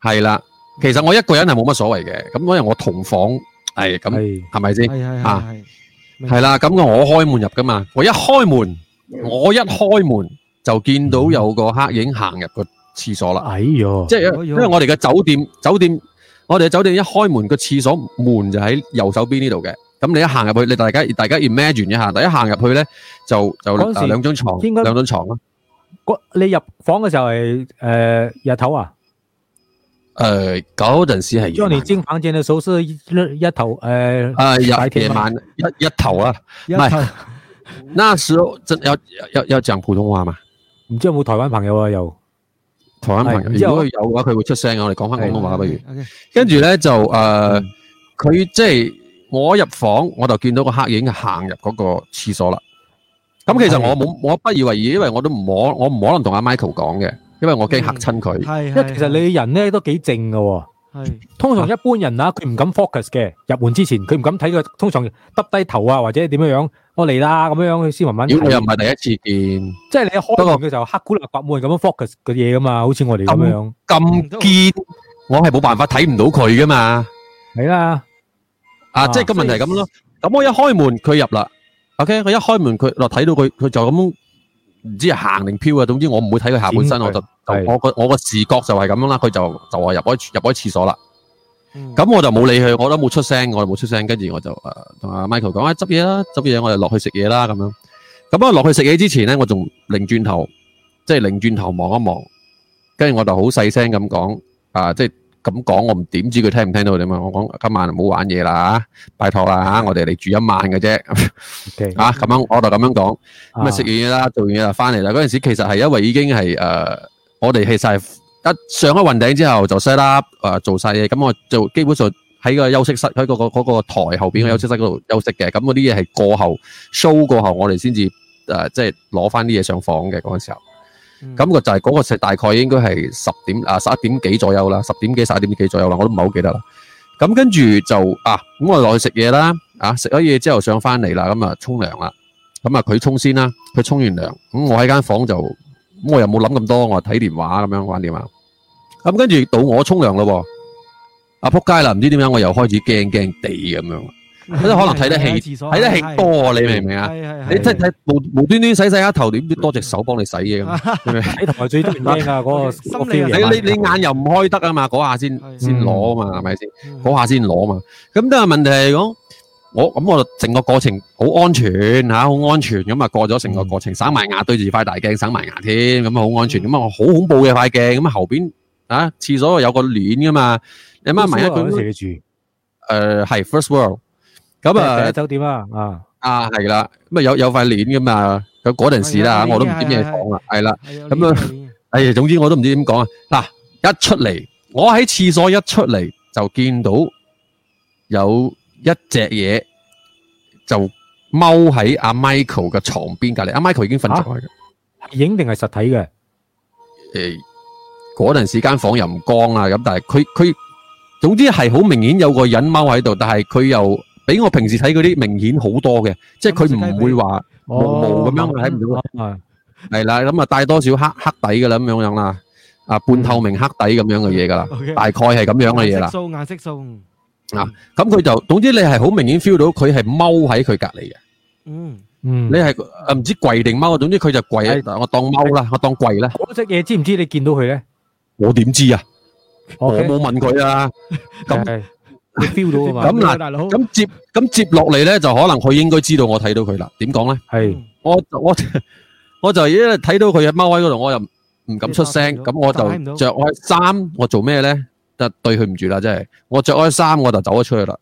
係啦，其實我一個人係冇乜所謂嘅，咁因為我同房係咁係咪先啊？係啦，咁我開門入噶嘛，我一開門，我一開門就見到有個黑影行入個廁所啦。哎喲，即係因為我哋嘅酒店，酒店我哋嘅酒店一開門個廁所門就喺右手邊呢度嘅。咁你一行入去，你大家大家要 imagine 一下，大家行入去咧就就兩張床，兩張床咯、啊。你入房嘅時候係誒、呃、日頭啊？誒、呃，嗰陣時係。即係你進房間嘅時候是一、呃呃、日日頭誒，白天、啊、夜晚。一一頭啊，唔係。 那時候真有有有講普通話嘛？唔知有冇台灣朋友啊？有，台灣朋友，如果佢有嘅話，佢會出聲，我哋講翻廣東話不如。Okay. 跟住咧就誒，佢即係。嗯我入房我就見到個黑影行入嗰個廁所啦。咁其實我冇我不以為意，因為我都唔可我唔可能同阿 Michael 講嘅，因為我驚嚇親佢。係，因為其實你人咧都幾靜噶。係，通常一般人啊，佢唔敢 focus 嘅。入門之前佢唔敢睇佢，通常耷低頭啊或者點樣樣。我嚟啦，咁樣樣先慢慢。我又唔係第一次見，即係你開門嘅時候，黑咕隆咚門咁樣 focus 嘅嘢噶嘛？好似我哋咁樣。咁堅我係冇辦法睇唔到佢噶嘛？係啦。啊，啊，即係個問題係咁咯。咁、啊、我一開門佢入啦，OK。佢一開門佢，我睇到佢，佢就咁，唔知係行定飄啊。總之我唔會睇佢下半身，我就我個我個視覺就係咁樣啦。佢就就話入嗰入嗰廁所啦。咁、嗯、我就冇理佢，我都冇出聲，我冇出聲、呃。跟住、哎、我就誒同阿 Michael 講啊，執嘢啦，執嘢，我就落去食嘢啦咁樣。咁啊落去食嘢之前咧，我仲擰轉頭，即係擰轉頭望一望。跟住我就好細聲咁講，啊，即係。咁講，我唔點知佢聽唔聽到點啊！我講，今晚唔好玩嘢啦嚇，拜託啦嚇，我哋嚟住一晚嘅啫。啊咁樣，我就咁樣講。咁啊食完嘢啦，做完嘢啦，翻嚟啦。嗰陣時其實係因為已經係誒，我哋起曬一上開雲頂之後就 set up 啊，做曬嘢。咁我就基本上喺個休息室，喺嗰個嗰個台後邊嘅休息室嗰度休息嘅。咁嗰啲嘢係過後 show 過後，我哋先至誒，即係攞翻啲嘢上房嘅嗰陣時候。咁個就係嗰個食，大概應該係十點啊十一點幾左右啦，十點幾十一點幾左右啦，我都唔係好記得啦。咁跟住就啊，咁我落去食嘢啦，啊食咗嘢之後上翻嚟啦，咁啊沖涼啦，咁啊佢沖先啦，佢沖完涼，咁我喺間房就咁我又冇諗咁多，我睇電話咁樣玩電話，咁跟住到我沖涼咯，啊仆街啦，唔知點樣我又開始驚驚地咁樣。嗰啲可能睇得起，睇得起多，你明唔明啊？你真係睇無無端端洗洗下頭，點知多隻手幫你洗嘅咁？你同埋最中意咩啊？嗰個心理啊！你你眼又唔開得啊嘛？嗰下先先攞啊嘛，係咪先？嗰下先攞嘛。咁都係問題係咁，我咁我就整個過程好安全吓，好安全咁啊！過咗成個過程，省埋牙對住塊大鏡，省埋牙添，咁啊好安全咁啊！好恐怖嘅塊鏡，咁啊後邊啊廁所有個鏈噶嘛，你媽咪問下佢。誒，係 First World。咁啊，酒店啊，啊啊係啦，咁啊有有塊鏈噶嘛，咁嗰陣時啦，我都唔知咩講啊，係啦，咁啊，哎呀，總之我都唔知點講啊。嗱，一出嚟，我喺廁所一出嚟就見到有一隻嘢就踎喺阿 Michael 嘅床邊隔籬，阿 Michael 已經瞓咗去嘅，係影定係實體嘅？誒，嗰陣時間房又唔光啊，咁但係佢佢總之係好明顯有個人踎喺度，但係佢又。俾我平時睇嗰啲明顯好多嘅，即係佢唔會話毛毛咁樣，睇唔到。係，係啦，咁啊帶多少黑黑底噶啦，咁樣樣啦，啊半透明黑底咁樣嘅嘢噶啦，大概係咁樣嘅嘢啦。素顏色素啊，咁佢就總之你係好明顯 feel 到佢係踎喺佢隔籬嘅。嗯嗯，你係誒唔知跪定踎，總之佢就跪啊，我當踎啦，我當跪啦。嗰隻嘢知唔知你見到佢咧？我點知啊？我冇問佢啊。咁。你 feel 到啊嘛，咁嗱，咁接咁接落嚟咧，就可能佢應該知道我睇到佢啦。點講咧？係我我我就一睇到佢喺貓位嗰度，我又唔敢出聲。咁我就着開衫，我做咩咧？就對佢唔住啦，真係。我着開衫，我就走咗出去啦。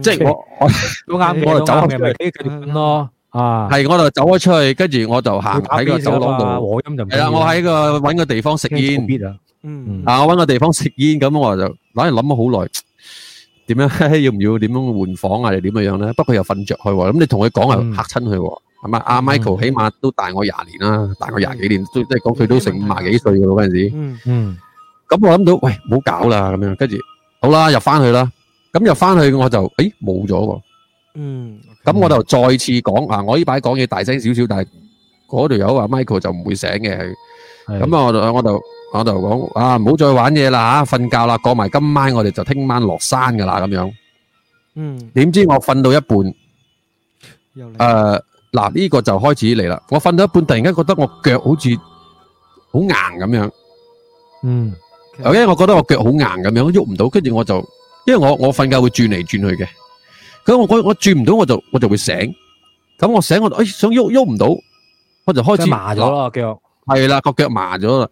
即係我我都啱，我就走。咪咪繼續咁咯。啊，係我就走咗出去，跟住我就行喺個走廊度。我音就係啦，我喺個搵個地方食煙。嗯，啊，我搵個地方食煙，咁我就諗，諗咗好耐，點樣要唔要點樣換房啊？點樣樣咧？不過又瞓着去，咁你同佢講又吓親佢。阿阿 Michael 起碼都大我廿年啦，大我廿幾年，即係講佢都成五廿幾歲噶咯嗰陣時。嗯嗯，咁我諗到喂，唔好搞啦，咁樣，跟住好啦，入翻去啦，咁入翻去我就誒冇咗喎。嗯，咁我就再次講啊，我呢擺講嘢大聲少少，但係嗰條友話 Michael 就唔會醒嘅，咁啊，我就。我就講啊，唔好再玩嘢啦吓，瞓覺啦，過埋今晚，我哋就聽晚落山噶啦咁樣。嗯，點知我瞓到一半，誒，嗱，呢個就開始嚟啦。我瞓到一半，突然間覺得我腳好似好硬咁樣。嗯，因為我覺得我腳好硬咁樣，喐唔到。跟住我就，因為我我瞓覺會轉嚟轉去嘅，咁我我我轉唔到，我就我就會醒。咁我醒，我誒想喐喐唔到，我就開始麻咗啦腳。係啦，個腳麻咗啦。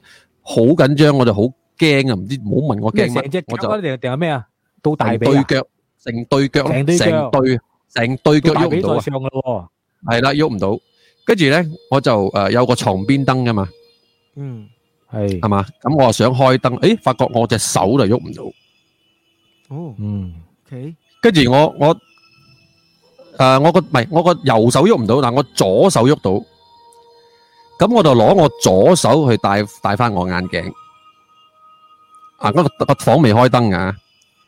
好緊張，我就好驚啊！唔知唔好問我驚咩？我就定係咩啊？到大髀對腳，成對腳咯，成對成對，成對腳喐唔到啊！係啦，喐唔到。跟住咧，我就誒有個床邊燈噶嘛，嗯係係嘛，咁我啊想開燈，誒，發覺我隻手就喐唔到，哦，嗯，跟住我我誒我個唔係我個右手喐唔到，但係我左手喐到。咁我就攞我左手去戴戴翻我眼鏡，啊，嗰個房未開燈嘅，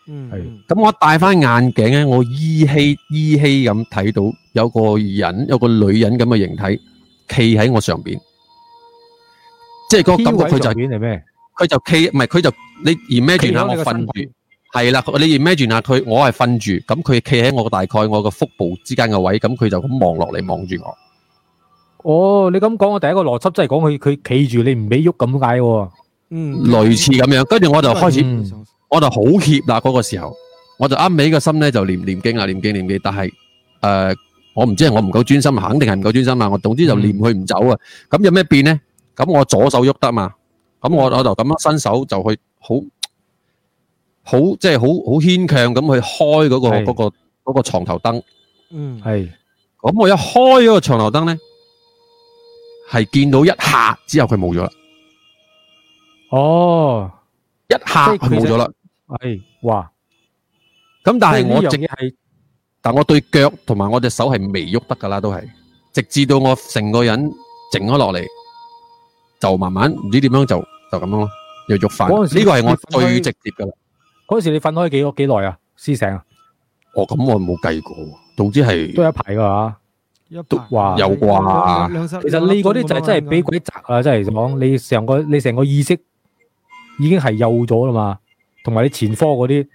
嗯，咁我戴翻眼鏡咧，我依稀依稀咁睇到有個人，有個女人咁嘅形體，企喺我上邊，即係嗰個感覺，佢就佢就企，唔係佢就你 imagine 下我瞓住，係啦，你 imagine 下佢，我係瞓住，咁佢企喺我個大概我個腹部之間嘅位，咁佢就咁望落嚟望住我。哦，你咁講，我第一個邏輯真係講佢佢企住，你唔俾喐咁解。啊、嗯，類似咁樣，跟住我就開始，嗯、我就好怯啦。嗰、那個時候，我就啱尾個心咧就念念經啊念經念經。但係誒、呃，我唔知係我唔夠專心，肯定係唔夠專心啦。我總之就念佢唔走啊。咁、嗯、有咩變咧？咁我左手喐得嘛？咁我我就咁樣伸手就去好好即係好好牽強咁去開嗰、那個嗰、那個嗰、那個那個床頭燈。嗯，係咁我一開嗰個床頭燈咧。係見到一下之後佢冇咗啦，哦，一下佢冇咗啦，係哇，咁但係我淨係，但我對腳同埋我隻手係未喐得噶啦，都係直至到我成個人靜咗落嚟，就慢慢唔知點樣就就咁樣咯，又喐翻，嗰時呢個係我最直接噶啦。嗰時你瞓開幾多幾耐啊？思醒啊？哦，咁我冇計過，總之係都一排噶吓。都話有啩，其實你嗰啲就係真係俾鬼窒啊！即係講你成個你成個意識已經係幼咗啦嘛，同埋你前科嗰啲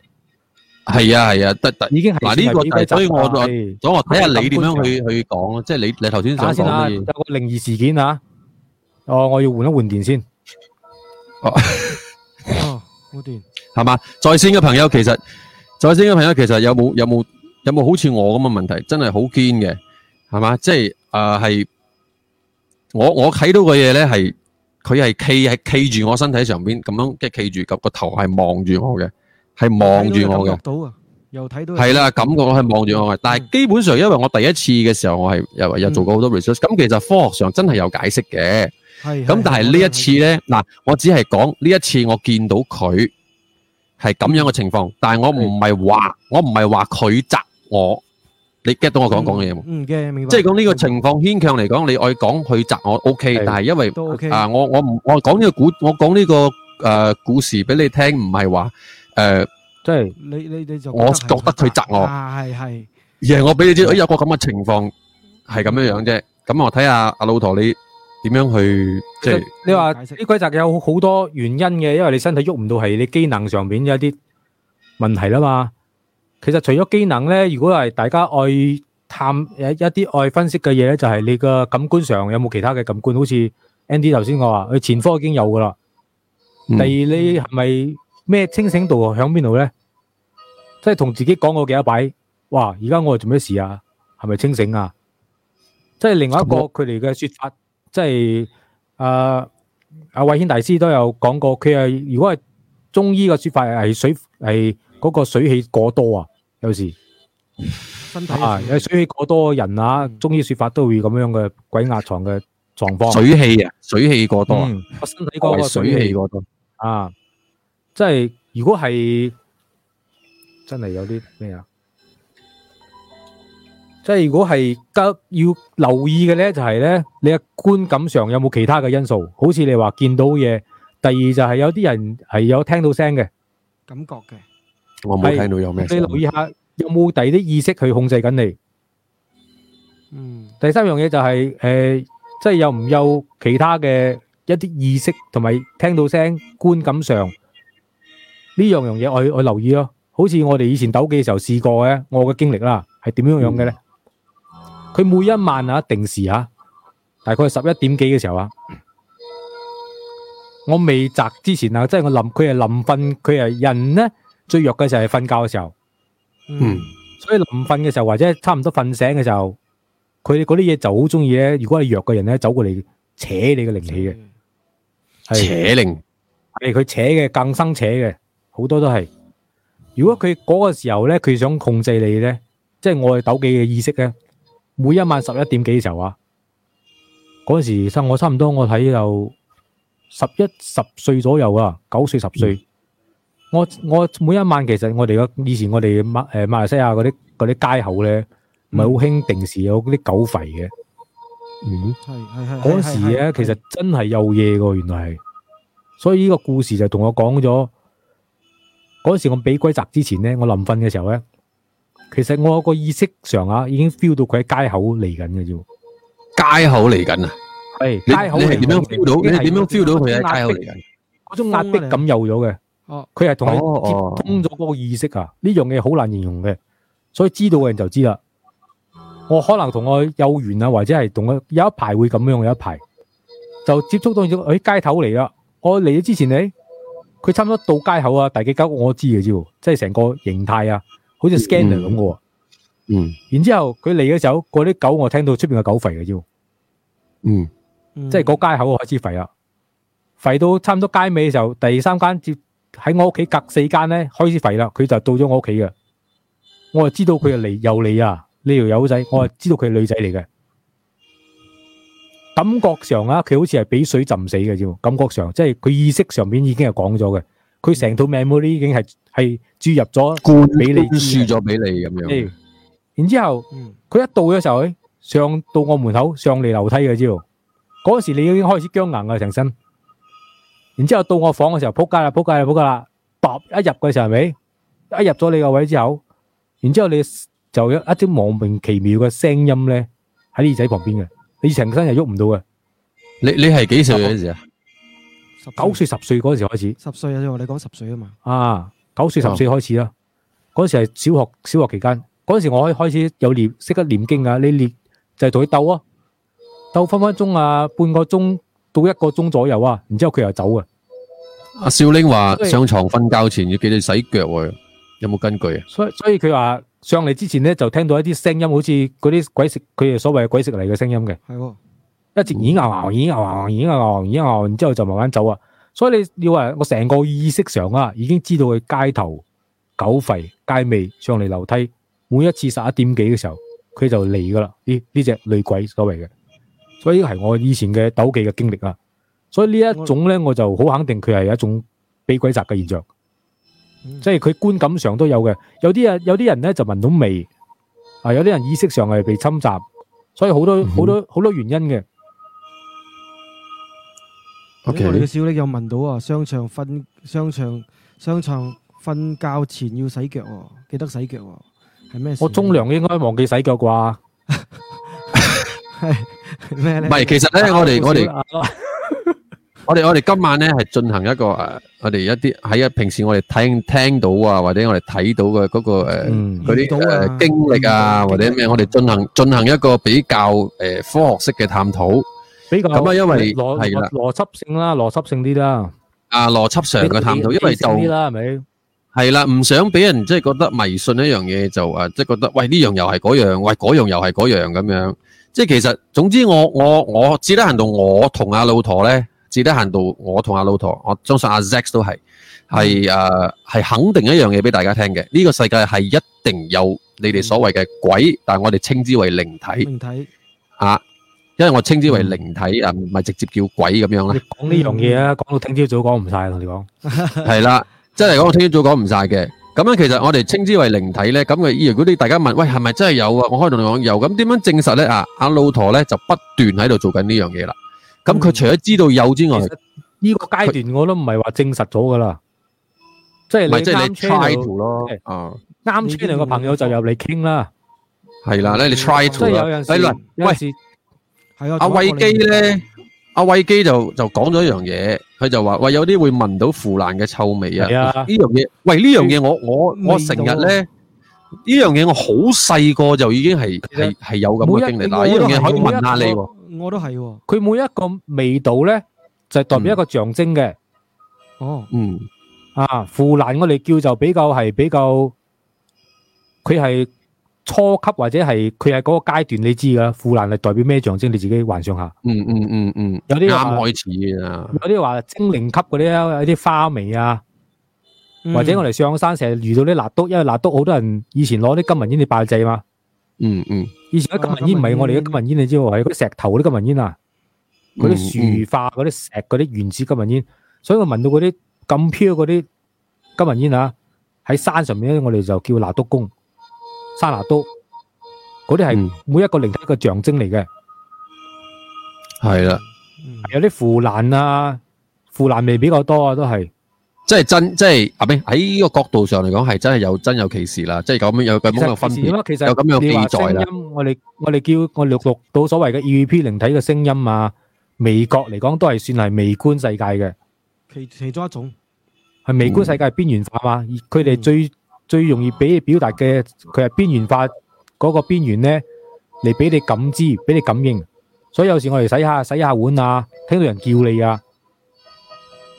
係啊係啊，特特已經係嗱呢個，所以我所以我睇下你點樣去去講咯。即係你你頭先想講乜嘢有個靈異事件啊！哦，我要換一換電先哦。好掂，係嘛？在線嘅朋友，其實在線嘅朋友其實有冇有冇有冇好似我咁嘅問題？真係好堅嘅。係嘛？即係誒，係我我睇到嘅嘢咧，係佢係企係企住我身體上邊，咁樣即係企住咁個頭係望住我嘅，係望住我嘅。到啊，又睇到係啦，感覺我係望住我嘅。但係基本上，因為我第一次嘅時候，我係又又做過好多 research。咁其實科學上真係有解釋嘅。係咁，但係呢一次咧，嗱，我只係講呢一次我見到佢係咁樣嘅情況，但係我唔係話我唔係話佢責我。你 get 到我講講嘅嘢冇？嗯，get 明白。即係講呢個情況牽強嚟講，你愛講佢窒我，OK。但係因為都 OK 啊，我我唔我講呢個故，我講呢個誒故事俾你聽，唔係話誒，即係你你你，我覺得佢窒我。係係係。而係我俾你知，誒有個咁嘅情況係咁樣樣啫。咁我睇下阿老陀你點樣去即係。你話呢鬼責有好多原因嘅，因為你身體喐唔到，係你機能上面有一啲問題啦嘛。其實除咗機能咧，如果係大家愛探一啲愛分析嘅嘢咧，就係、是、你嘅感官上有冇其他嘅感官，好似 Andy 頭先我話佢前科已經有噶啦。第二你係咪咩清醒度響邊度咧？即係同自己講過幾多擺？哇！而家我哋做咩事啊？係咪清醒啊？即係另外一個佢哋嘅說法，嗯、即係誒、呃、阿慧仙大師都有講過，佢係如果係中醫嘅說法係水係嗰個水氣過多啊。有時身體啊，因為水氣過多嘅人啊，中醫說法都會咁樣嘅鬼壓床嘅狀況。水氣啊，水氣過多。我身體嗰個水氣過多啊，即係如果係真係有啲咩啊，即係如果係得要留意嘅咧，就係咧，你嘅觀感上有冇其他嘅因素？好似你話見到嘢，第二就係有啲人係有聽到聲嘅感覺嘅。我冇睇到有咩事，你留意下有冇第二啲意識去控制緊你？嗯，第三樣嘢就係、是、誒、呃，即係有唔有其他嘅一啲意識，同埋聽到聲觀感上呢樣樣嘢，我留意咯。好似我哋以前斗機嘅時候試過嘅，我嘅經歷啦、啊，係點樣樣嘅咧？佢、嗯、每一晚啊，定時啊，大概十一點幾嘅時候啊，嗯、我未摘之前啊，即、就、係、是、我臨，佢係臨瞓，佢係人呢。最弱嘅就係瞓覺嘅時候，嗯，所以臨瞓嘅時候或者差唔多瞓醒嘅時候，佢哋嗰啲嘢就好中意咧。如果你弱嘅人咧，走過嚟扯你嘅靈氣嘅，扯靈係佢扯嘅，更生扯嘅，好多都係。如果佢嗰個時候咧，佢想控制你咧，即係我哋鬥幾嘅意識咧，每一晚十一點幾嘅時候啊，嗰時我差唔多我睇就十一十歲左右啊，九歲十歲。我我每一晚，其實我哋嗰以前我哋馬誒馬來西亞嗰啲嗰啲街口咧，唔係好興定時有嗰啲狗吠嘅。嗯，係係係。嗰時咧，其實真係有嘢㗎喎，原來係。所以呢個故事就同我講咗嗰時，我俾歸閘之前咧，我臨瞓嘅時候咧，其實我個意識上啊已經 feel 到佢喺街口嚟緊嘅啫。街口嚟緊啊！係，街口係點樣 feel 到？你點樣 feel 到佢喺街口嚟緊？嗰種壓迫感有咗嘅。哦，佢係同你接通咗嗰個意識啊！呢樣嘢好難形容嘅，所以知道嘅人就知啦。我可能同佢有緣啊，或者係同佢有一排會咁樣，有一排就接觸到咗喺、哎、街頭嚟啦。我嚟咗之前呢，佢差唔多到街口啊，第幾間我知嘅啫，即係成個形態啊，好似 scanner 咁嘅、嗯。嗯，然之後佢嚟嘅時候，嗰啲狗我聽到出邊嘅狗吠嘅啫，嗯，即係嗰街口我開始吠啦，吠到差唔多街尾嘅時候，第三間接。喺我屋企隔四間咧開始肥啦，佢就到咗我屋企嘅，我就知道佢係嚟又嚟啊呢條友仔，我就知道佢係女仔嚟嘅，感覺上啊佢好似係俾水浸死嘅啫，感覺上即係佢意識上面已經係講咗嘅，佢成套命簿咧已經係係注入咗，灌俾你輸咗俾你咁樣，然之後佢一到嘅時候咧，上到我門口上嚟樓梯嘅啫，嗰時你已經開始僵硬啦成身。然之後到我房嘅時候，撲街啦，撲街啦，撲街啦！一入嘅時候係咪？一入咗你個位之後，然之後你就有一啲莫名其妙嘅聲音咧喺耳仔旁邊嘅，你成身又喐唔到嘅。你你係幾歲嗰陣時啊？九歲十歲嗰陣時開始。十歲啊，我你講十歲啊嘛。啊，九歲十歲開始啦。嗰時係小學小學期間，嗰時我可以開始有念識得念經啊。你念就係同佢鬥咯，鬥分分鐘啊，半個鐘。到一個鐘左右啊，然之後佢又走啊。阿少玲話上床瞓覺前要記得洗腳，有冇根據啊？所以、嗯、有有所以佢話上嚟之前咧，就聽到一啲聲音，好似嗰啲鬼食，佢哋所謂鬼食嚟嘅聲音嘅。係喎，一直耳吽吽耳吽吽耳吽吽耳吽吽，然之後就慢慢走啊。所以你要話我成個意識上啊，已經知道佢街頭狗吠街尾，上嚟樓梯，每一次十一點幾嘅時候，佢就嚟噶啦。呢呢隻女鬼所謂嘅。所以係我以前嘅鬥技嘅經歷啊！所以呢一種呢，我就好肯定佢係一種被鬼宅嘅現象，即係佢觀感上都有嘅。有啲人有啲人呢就聞到味啊，有啲人意識上係被侵襲，所以好多好、嗯、多好多原因嘅，okay。我哋嘅小力有聞到啊！商場瞓商場商場瞓覺前要洗腳，記得洗腳，係咩事？我沖涼應該忘記洗腳啩。 係唔係，其實咧，我哋我哋我哋我哋今晚咧係進行一個誒，我哋一啲喺啊平時我哋聽聽到啊，或者我哋睇到嘅嗰個誒嗰啲誒經歷啊，或者咩，我哋進行進行一個比較誒科學式嘅探討。比較咁啊，因為係啦，邏輯性啦，邏輯性啲啦。啊，邏輯上嘅探討，因為就係啦，係咪？係啦，唔想俾人即係覺得迷信一樣嘢就誒，即係覺得喂呢樣又係嗰樣，喂嗰樣又係嗰樣咁樣。即係其實，總之我我我只得閒到我同阿老陀咧，只得閒到我同阿老陀，我相信阿 Zack 都係係誒係肯定一樣嘢俾大家聽嘅。呢個世界係一定有你哋所謂嘅鬼，但係我哋稱之為靈體。靈體啊，因為我稱之為靈體啊，唔係直接叫鬼咁樣咧。你講呢樣嘢啊，講到聽朝早講唔晒，同你講係啦，即係講到聽朝早講唔晒嘅。咁樣其實我哋稱之為靈體咧，咁嘅。如果啲大家問，喂係咪真係有啊？我可以同你講有，咁點樣證實咧？啊，阿老陀咧就不斷喺度做緊呢樣嘢啦。咁佢除咗知道有之外，呢個階段我都唔係話證實咗噶啦。即係你啱穿嚟咯，啊，啱穿嚟個朋友就由你傾啦。係啦，咧你 try to 啦。阿慧基咧。阿慧基就就講咗一樣嘢，佢就話喂，有啲會聞到腐爛嘅臭味啊！呢樣嘢，喂呢樣嘢，我我我成日咧呢樣嘢，我好細個就已經係係係有咁嘅經歷。嗱，呢樣嘢可以問下你，我都係，佢每一個味道咧就代表一個象徵嘅。哦，嗯，啊，腐爛我哋叫做比較係比較，佢係。初級或者係佢係嗰個階段，你知噶啦。腐爛係代表咩象徵？你自己幻想下。嗯嗯嗯嗯，有啲啱開始啊！有啲話精靈級嗰啲有啲花味啊，或者我哋上山成日遇到啲拿督。因為拿督好多人以前攞啲金銀煙嚟拜祭嘛。嗯嗯，以前啲金銀煙唔係我哋嘅金銀煙，啊、煙你知喎，係嗰啲石頭啲金銀煙啊，嗰啲樹化嗰啲石嗰啲原始金銀煙，啊嗯嗯，所以我聞到嗰啲咁飄嗰啲金銀煙啊，喺山上面，咧，我哋就叫拿督公。沙拿都嗰啲係每一個靈體一個象徵嚟嘅，係啦，有啲腐爛啊，腐爛味比較多啊，都係，即係真，即係阿炳喺呢個角度上嚟講，係真係有真有其事啦，即係咁樣有咁樣嘅分別，有咁樣嘅記載啦。我哋我哋叫我錄錄到所謂嘅 EVP 靈體嘅聲音啊，微覺嚟講都係算係微觀世界嘅，其其中一種係微觀世界係邊緣化嘛，而佢哋最。最容易俾你表達嘅，佢係邊緣化嗰、那個邊緣呢？嚟俾你感知，俾你感應。所以有時我哋洗下洗下碗啊，聽到人叫你啊，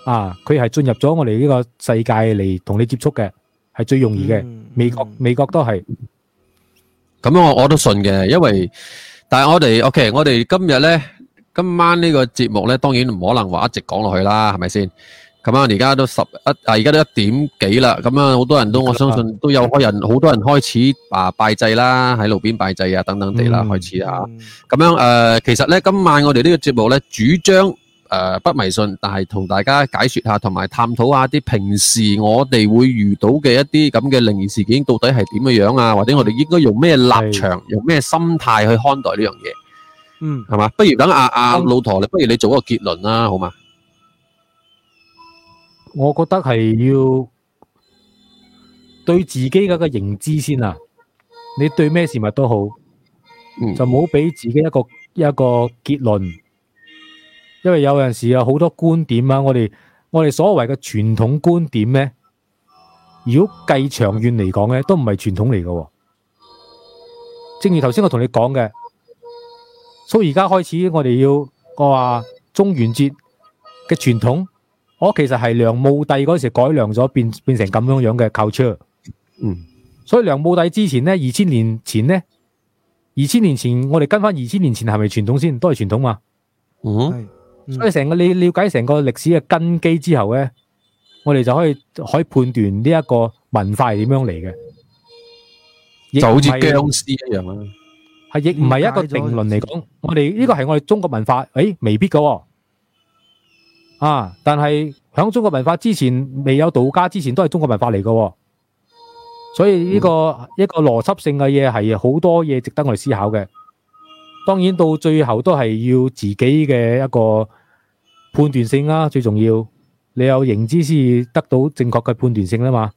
啊，佢係進入咗我哋呢個世界嚟同你接觸嘅，係最容易嘅。美國美國都係。咁、嗯嗯、樣我我都信嘅，因為但係我哋 OK，我哋今日呢，今晚呢個節目呢，當然唔可能話一直講落去啦，係咪先？咁啊，而家都十一，啊而家都一點幾啦。咁啊，好多人都我相信都有開人，好多人開始啊拜祭啦，喺路邊拜祭啊等等地啦，開始啊。咁樣誒，其實咧今晚我哋呢個節目咧主張誒不迷信，但係同大家解說下，同埋探討下啲平時我哋會遇到嘅一啲咁嘅靈異事件，到底係點嘅樣啊？或者我哋應該用咩立場，用咩心態去看待呢樣嘢？嗯，係嘛？不如等阿阿老陀，不如你做一個結論啦，好嘛？我覺得係要對自己嗰個認知先啊！你對咩事物都好，就唔好俾自己一個一個結論。因為有陣時有好多觀點啊，我哋我哋所謂嘅傳統觀點咧，如果計長遠嚟講咧，都唔係傳統嚟嘅啊。正如頭先我同你講嘅，所以而家開始我，我哋要我話中元節嘅傳統。我其實係梁武帝嗰時改良咗，變變成咁樣樣嘅文化。嗯，所以梁武帝之前呢，二千年前呢，二千年前我哋跟翻二千年前係咪傳統先？都係傳統嘛。嗯，所以成個你了解成個歷史嘅根基之後呢，我哋就可以可以判斷呢一個文化係點樣嚟嘅。就好似僵屍一樣啦，係亦唔係一個定論嚟講。我哋呢、這個係我哋中國文化，誒，未必噶、哦。啊！但係喺中國文化之前，未有道家之前，都係中國文化嚟㗎，哦，所以呢，這個，嗯，一個邏輯性嘅嘢係好多嘢值得我哋思考嘅。當然到最後都係要自己嘅一個判斷性啦，啊，最重要。你有認知先至得到正確嘅判斷性啦嘛。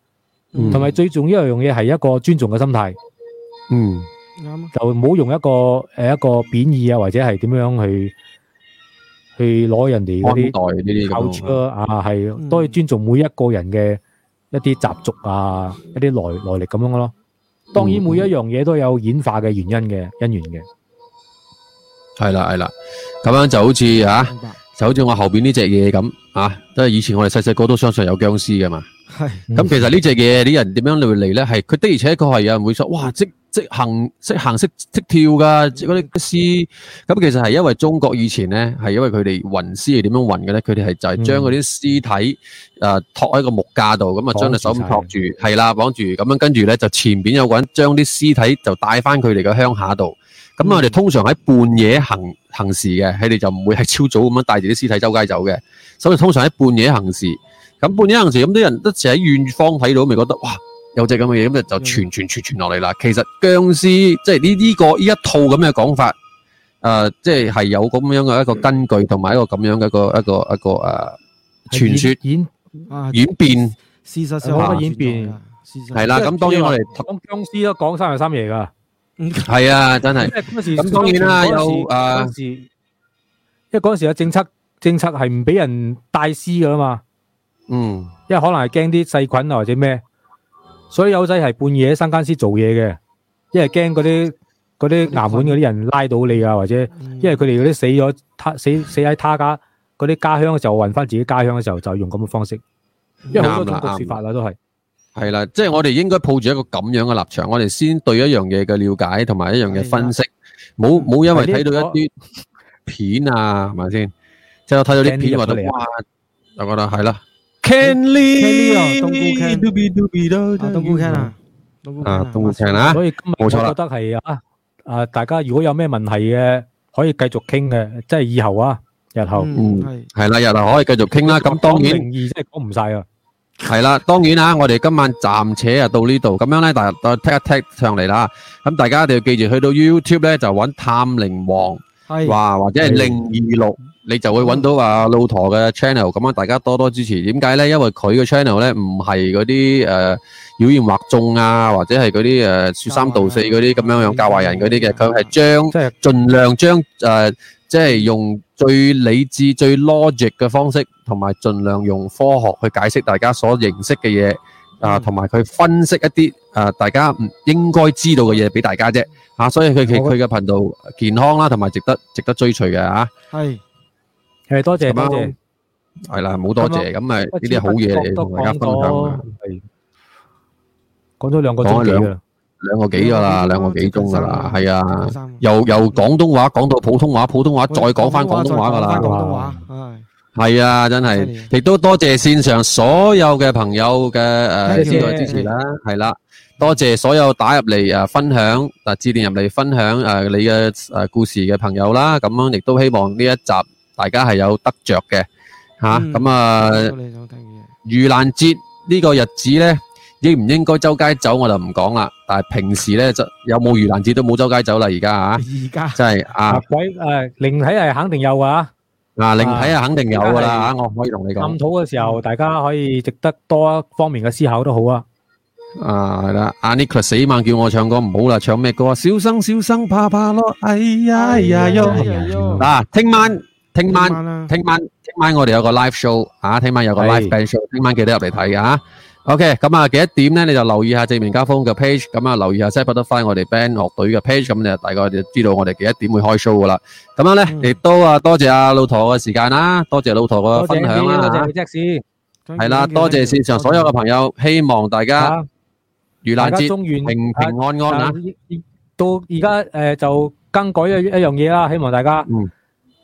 同，嗯，埋最重要一樣嘢係一個尊重嘅心態。嗯，嗯就唔好用一個誒一個貶義啊，或者係點樣去。去攞人哋嗰啲，代呢啲啊，係多啲尊重每一個人嘅一啲習俗啊，一啲來來歷咁樣咯。當然每一樣嘢都有演化嘅原因嘅因緣嘅。係啦係啦，咁樣就好似啊，就好似我後邊呢隻嘢咁啊，都係以前我哋細細個都相信有殭屍嘅嘛。係，咁其實呢隻嘢啲人點樣會嚟咧？係佢的而且確係有人會想，哇！即識行，識行，識識跳噶。嗰啲屍，咁其實係因為中國以前咧，係因為佢哋運屍係點樣運嘅咧？佢哋係就係將嗰啲屍體誒，托喺個木架度，咁啊，將隻手咁托住，係啦綁住，咁樣跟住咧就前邊有個人將啲屍體就帶翻佢哋嘅鄉下度。咁啊，佢哋通常喺半夜行行事嘅，佢哋就唔會係朝早咁樣帶住啲屍體周街走嘅，所以通常喺半夜行事。咁半夜行事，咁啲人一成喺遠方睇到，咪覺得哇！有隻咁嘅嘢，咁就就傳傳傳傳落嚟啦。其實「僵屍」即係呢呢個呢一套咁嘅講法，誒、呃、即係係有咁樣嘅一個根據，同埋一個咁樣嘅一個一個一個誒、呃、傳說演演變，啊、事實上都演變係啦。咁、啊、當然我哋講「僵屍」都講三,三爺三爺噶，係、嗯、啊，真係。因為嗰陣時當然啦，有誒，因為嗰陣時嘅政策政策係唔俾人帶屍噶嘛，嗯，因為可能係驚啲細菌啊，或者咩。所以友仔係半夜喺山間師做嘢嘅，因為驚嗰啲啲衙門嗰啲人拉到你啊，或者因為佢哋嗰啲死咗他死死喺他家嗰啲家鄉嘅時候，運返自己家鄉嘅時候，就用咁嘅方式。因為好多中國說法啦，都係係啦，即係、就是、我哋應該抱住一個咁樣嘅立場，我哋先對一樣嘢嘅了解同埋一樣嘅分析，冇冇因為睇到一啲片啊，係咪先？即係睇到啲片話到哇、啊，就覺得係啦。對 Ken Lee 啊，東姑 Ken 啊，東姑 Ken 啊，東姑 Ken 啊，所以今日冇錯，我覺得係啊，啊大家如果有咩問題嘅，可以繼續傾嘅，即係以後啊，日後，係係啦，日後可以繼續傾啦。咁當然零二真係講唔晒啊，係啦，當然啊，我哋今晚暫且啊到呢度，咁樣咧，大家再聽一聽上嚟啦。咁大家一定要記住，去到 YouTube 咧就揾探靈王，係哇或者係零二六。你就會揾到啊，老陀嘅 channel 咁啊，大家多多支持。點解咧？因為佢嘅 channel 咧唔係嗰啲誒妖言惑眾啊，或者係嗰啲誒説三道四嗰啲咁樣樣教壞人嗰啲嘅。佢係將盡量將誒即係用最理智、最 logic 嘅方式，同埋盡量用科學去解釋大家所認識嘅嘢啊，同埋佢分析一啲誒大家唔應該知道嘅嘢俾大家啫。啊，所以佢佢佢嘅頻道健康啦，同埋值得值得追隨嘅啊，係。誒，多謝多謝，係啦，冇多謝咁咪呢啲好嘢嚟，同大家分享嘅。講咗兩個鐘，兩兩個幾噶啦，兩個幾鐘噶啦，係啊。由由廣東話講到普通話，普通話再講翻廣東話噶啦。係啊，真係亦都多謝線上所有嘅朋友嘅誒支持支持啦。係啦，多謝所有打入嚟誒分享，嗱致電入嚟分享誒你嘅誒故事嘅朋友啦。咁樣亦都希望呢一集。大家係有得著嘅嚇，咁啊，盂蘭節呢個日子咧應唔應該周街走我就唔講啦。但係平時咧就有冇盂蘭節都冇周街走啦。而家啊，而家即係啊鬼誒靈體係肯定有啊，嗱靈體啊肯定有㗎啦嚇，我可以同你講。探討嘅時候，大家可以值得多一方面嘅思考都好啊。啊係啦，阿 Nicholas 死晚叫我唱歌唔好啦，唱咩歌啊？小生小生怕怕咯，哎呀哎呀呦！嗱，聽晚。聽晚，聽晚，聽晚，我哋有個 live show 啊！聽晚有個 live band show，聽晚記得入嚟睇㗎啊！OK，咁啊，幾多點咧？你就留意下正面交鋒嘅 page，咁啊留意下 subscribe 返我哋 band 樂隊嘅 page，咁你就大概就知道我哋幾多點會開 show 噶啦。咁樣咧，亦都啊多謝阿老陀嘅時間啦，多謝老陀嘅分享啦。多謝你，Jacky。係啦，多謝線上所有嘅朋友，希望大家盂蘭節中元平平安安啦。到而家誒，就更改一一樣嘢啦，希望大家。嗯。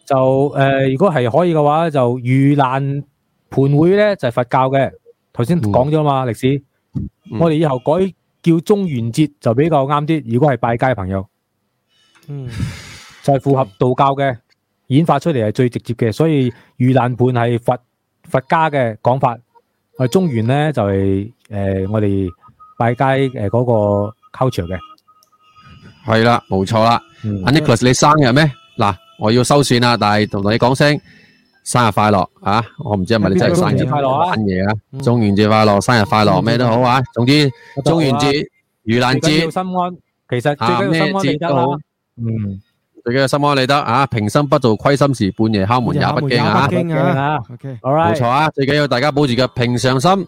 就誒、呃，如果係可以嘅話，就盂蘭盆會咧就是、佛教嘅。頭先講咗嘛、嗯、歷史，嗯、我哋以後改叫中元節就比較啱啲。如果係拜街嘅朋友，嗯，就係、是、符合道教嘅演化出嚟係最直接嘅。所以盂蘭盆係佛佛家嘅講法，中元咧就係、是、誒、呃、我哋拜街誒嗰個 culture 嘅。係啦，冇錯啦、嗯。阿 Nicholas，你生日咩？嗱，我要收線啦！但係同你講聲生日快樂啊！我唔知係咪你真係生日快樂啊？中元節快樂，生日快樂，咩都好啊！總之，中元節盂蘭節心安，其實最緊要心安理得啦。嗯，最緊要心安理得啊！平生不做虧心事，半夜敲門也不驚啊！OK，冇錯啊！最緊要大家保持個平常心。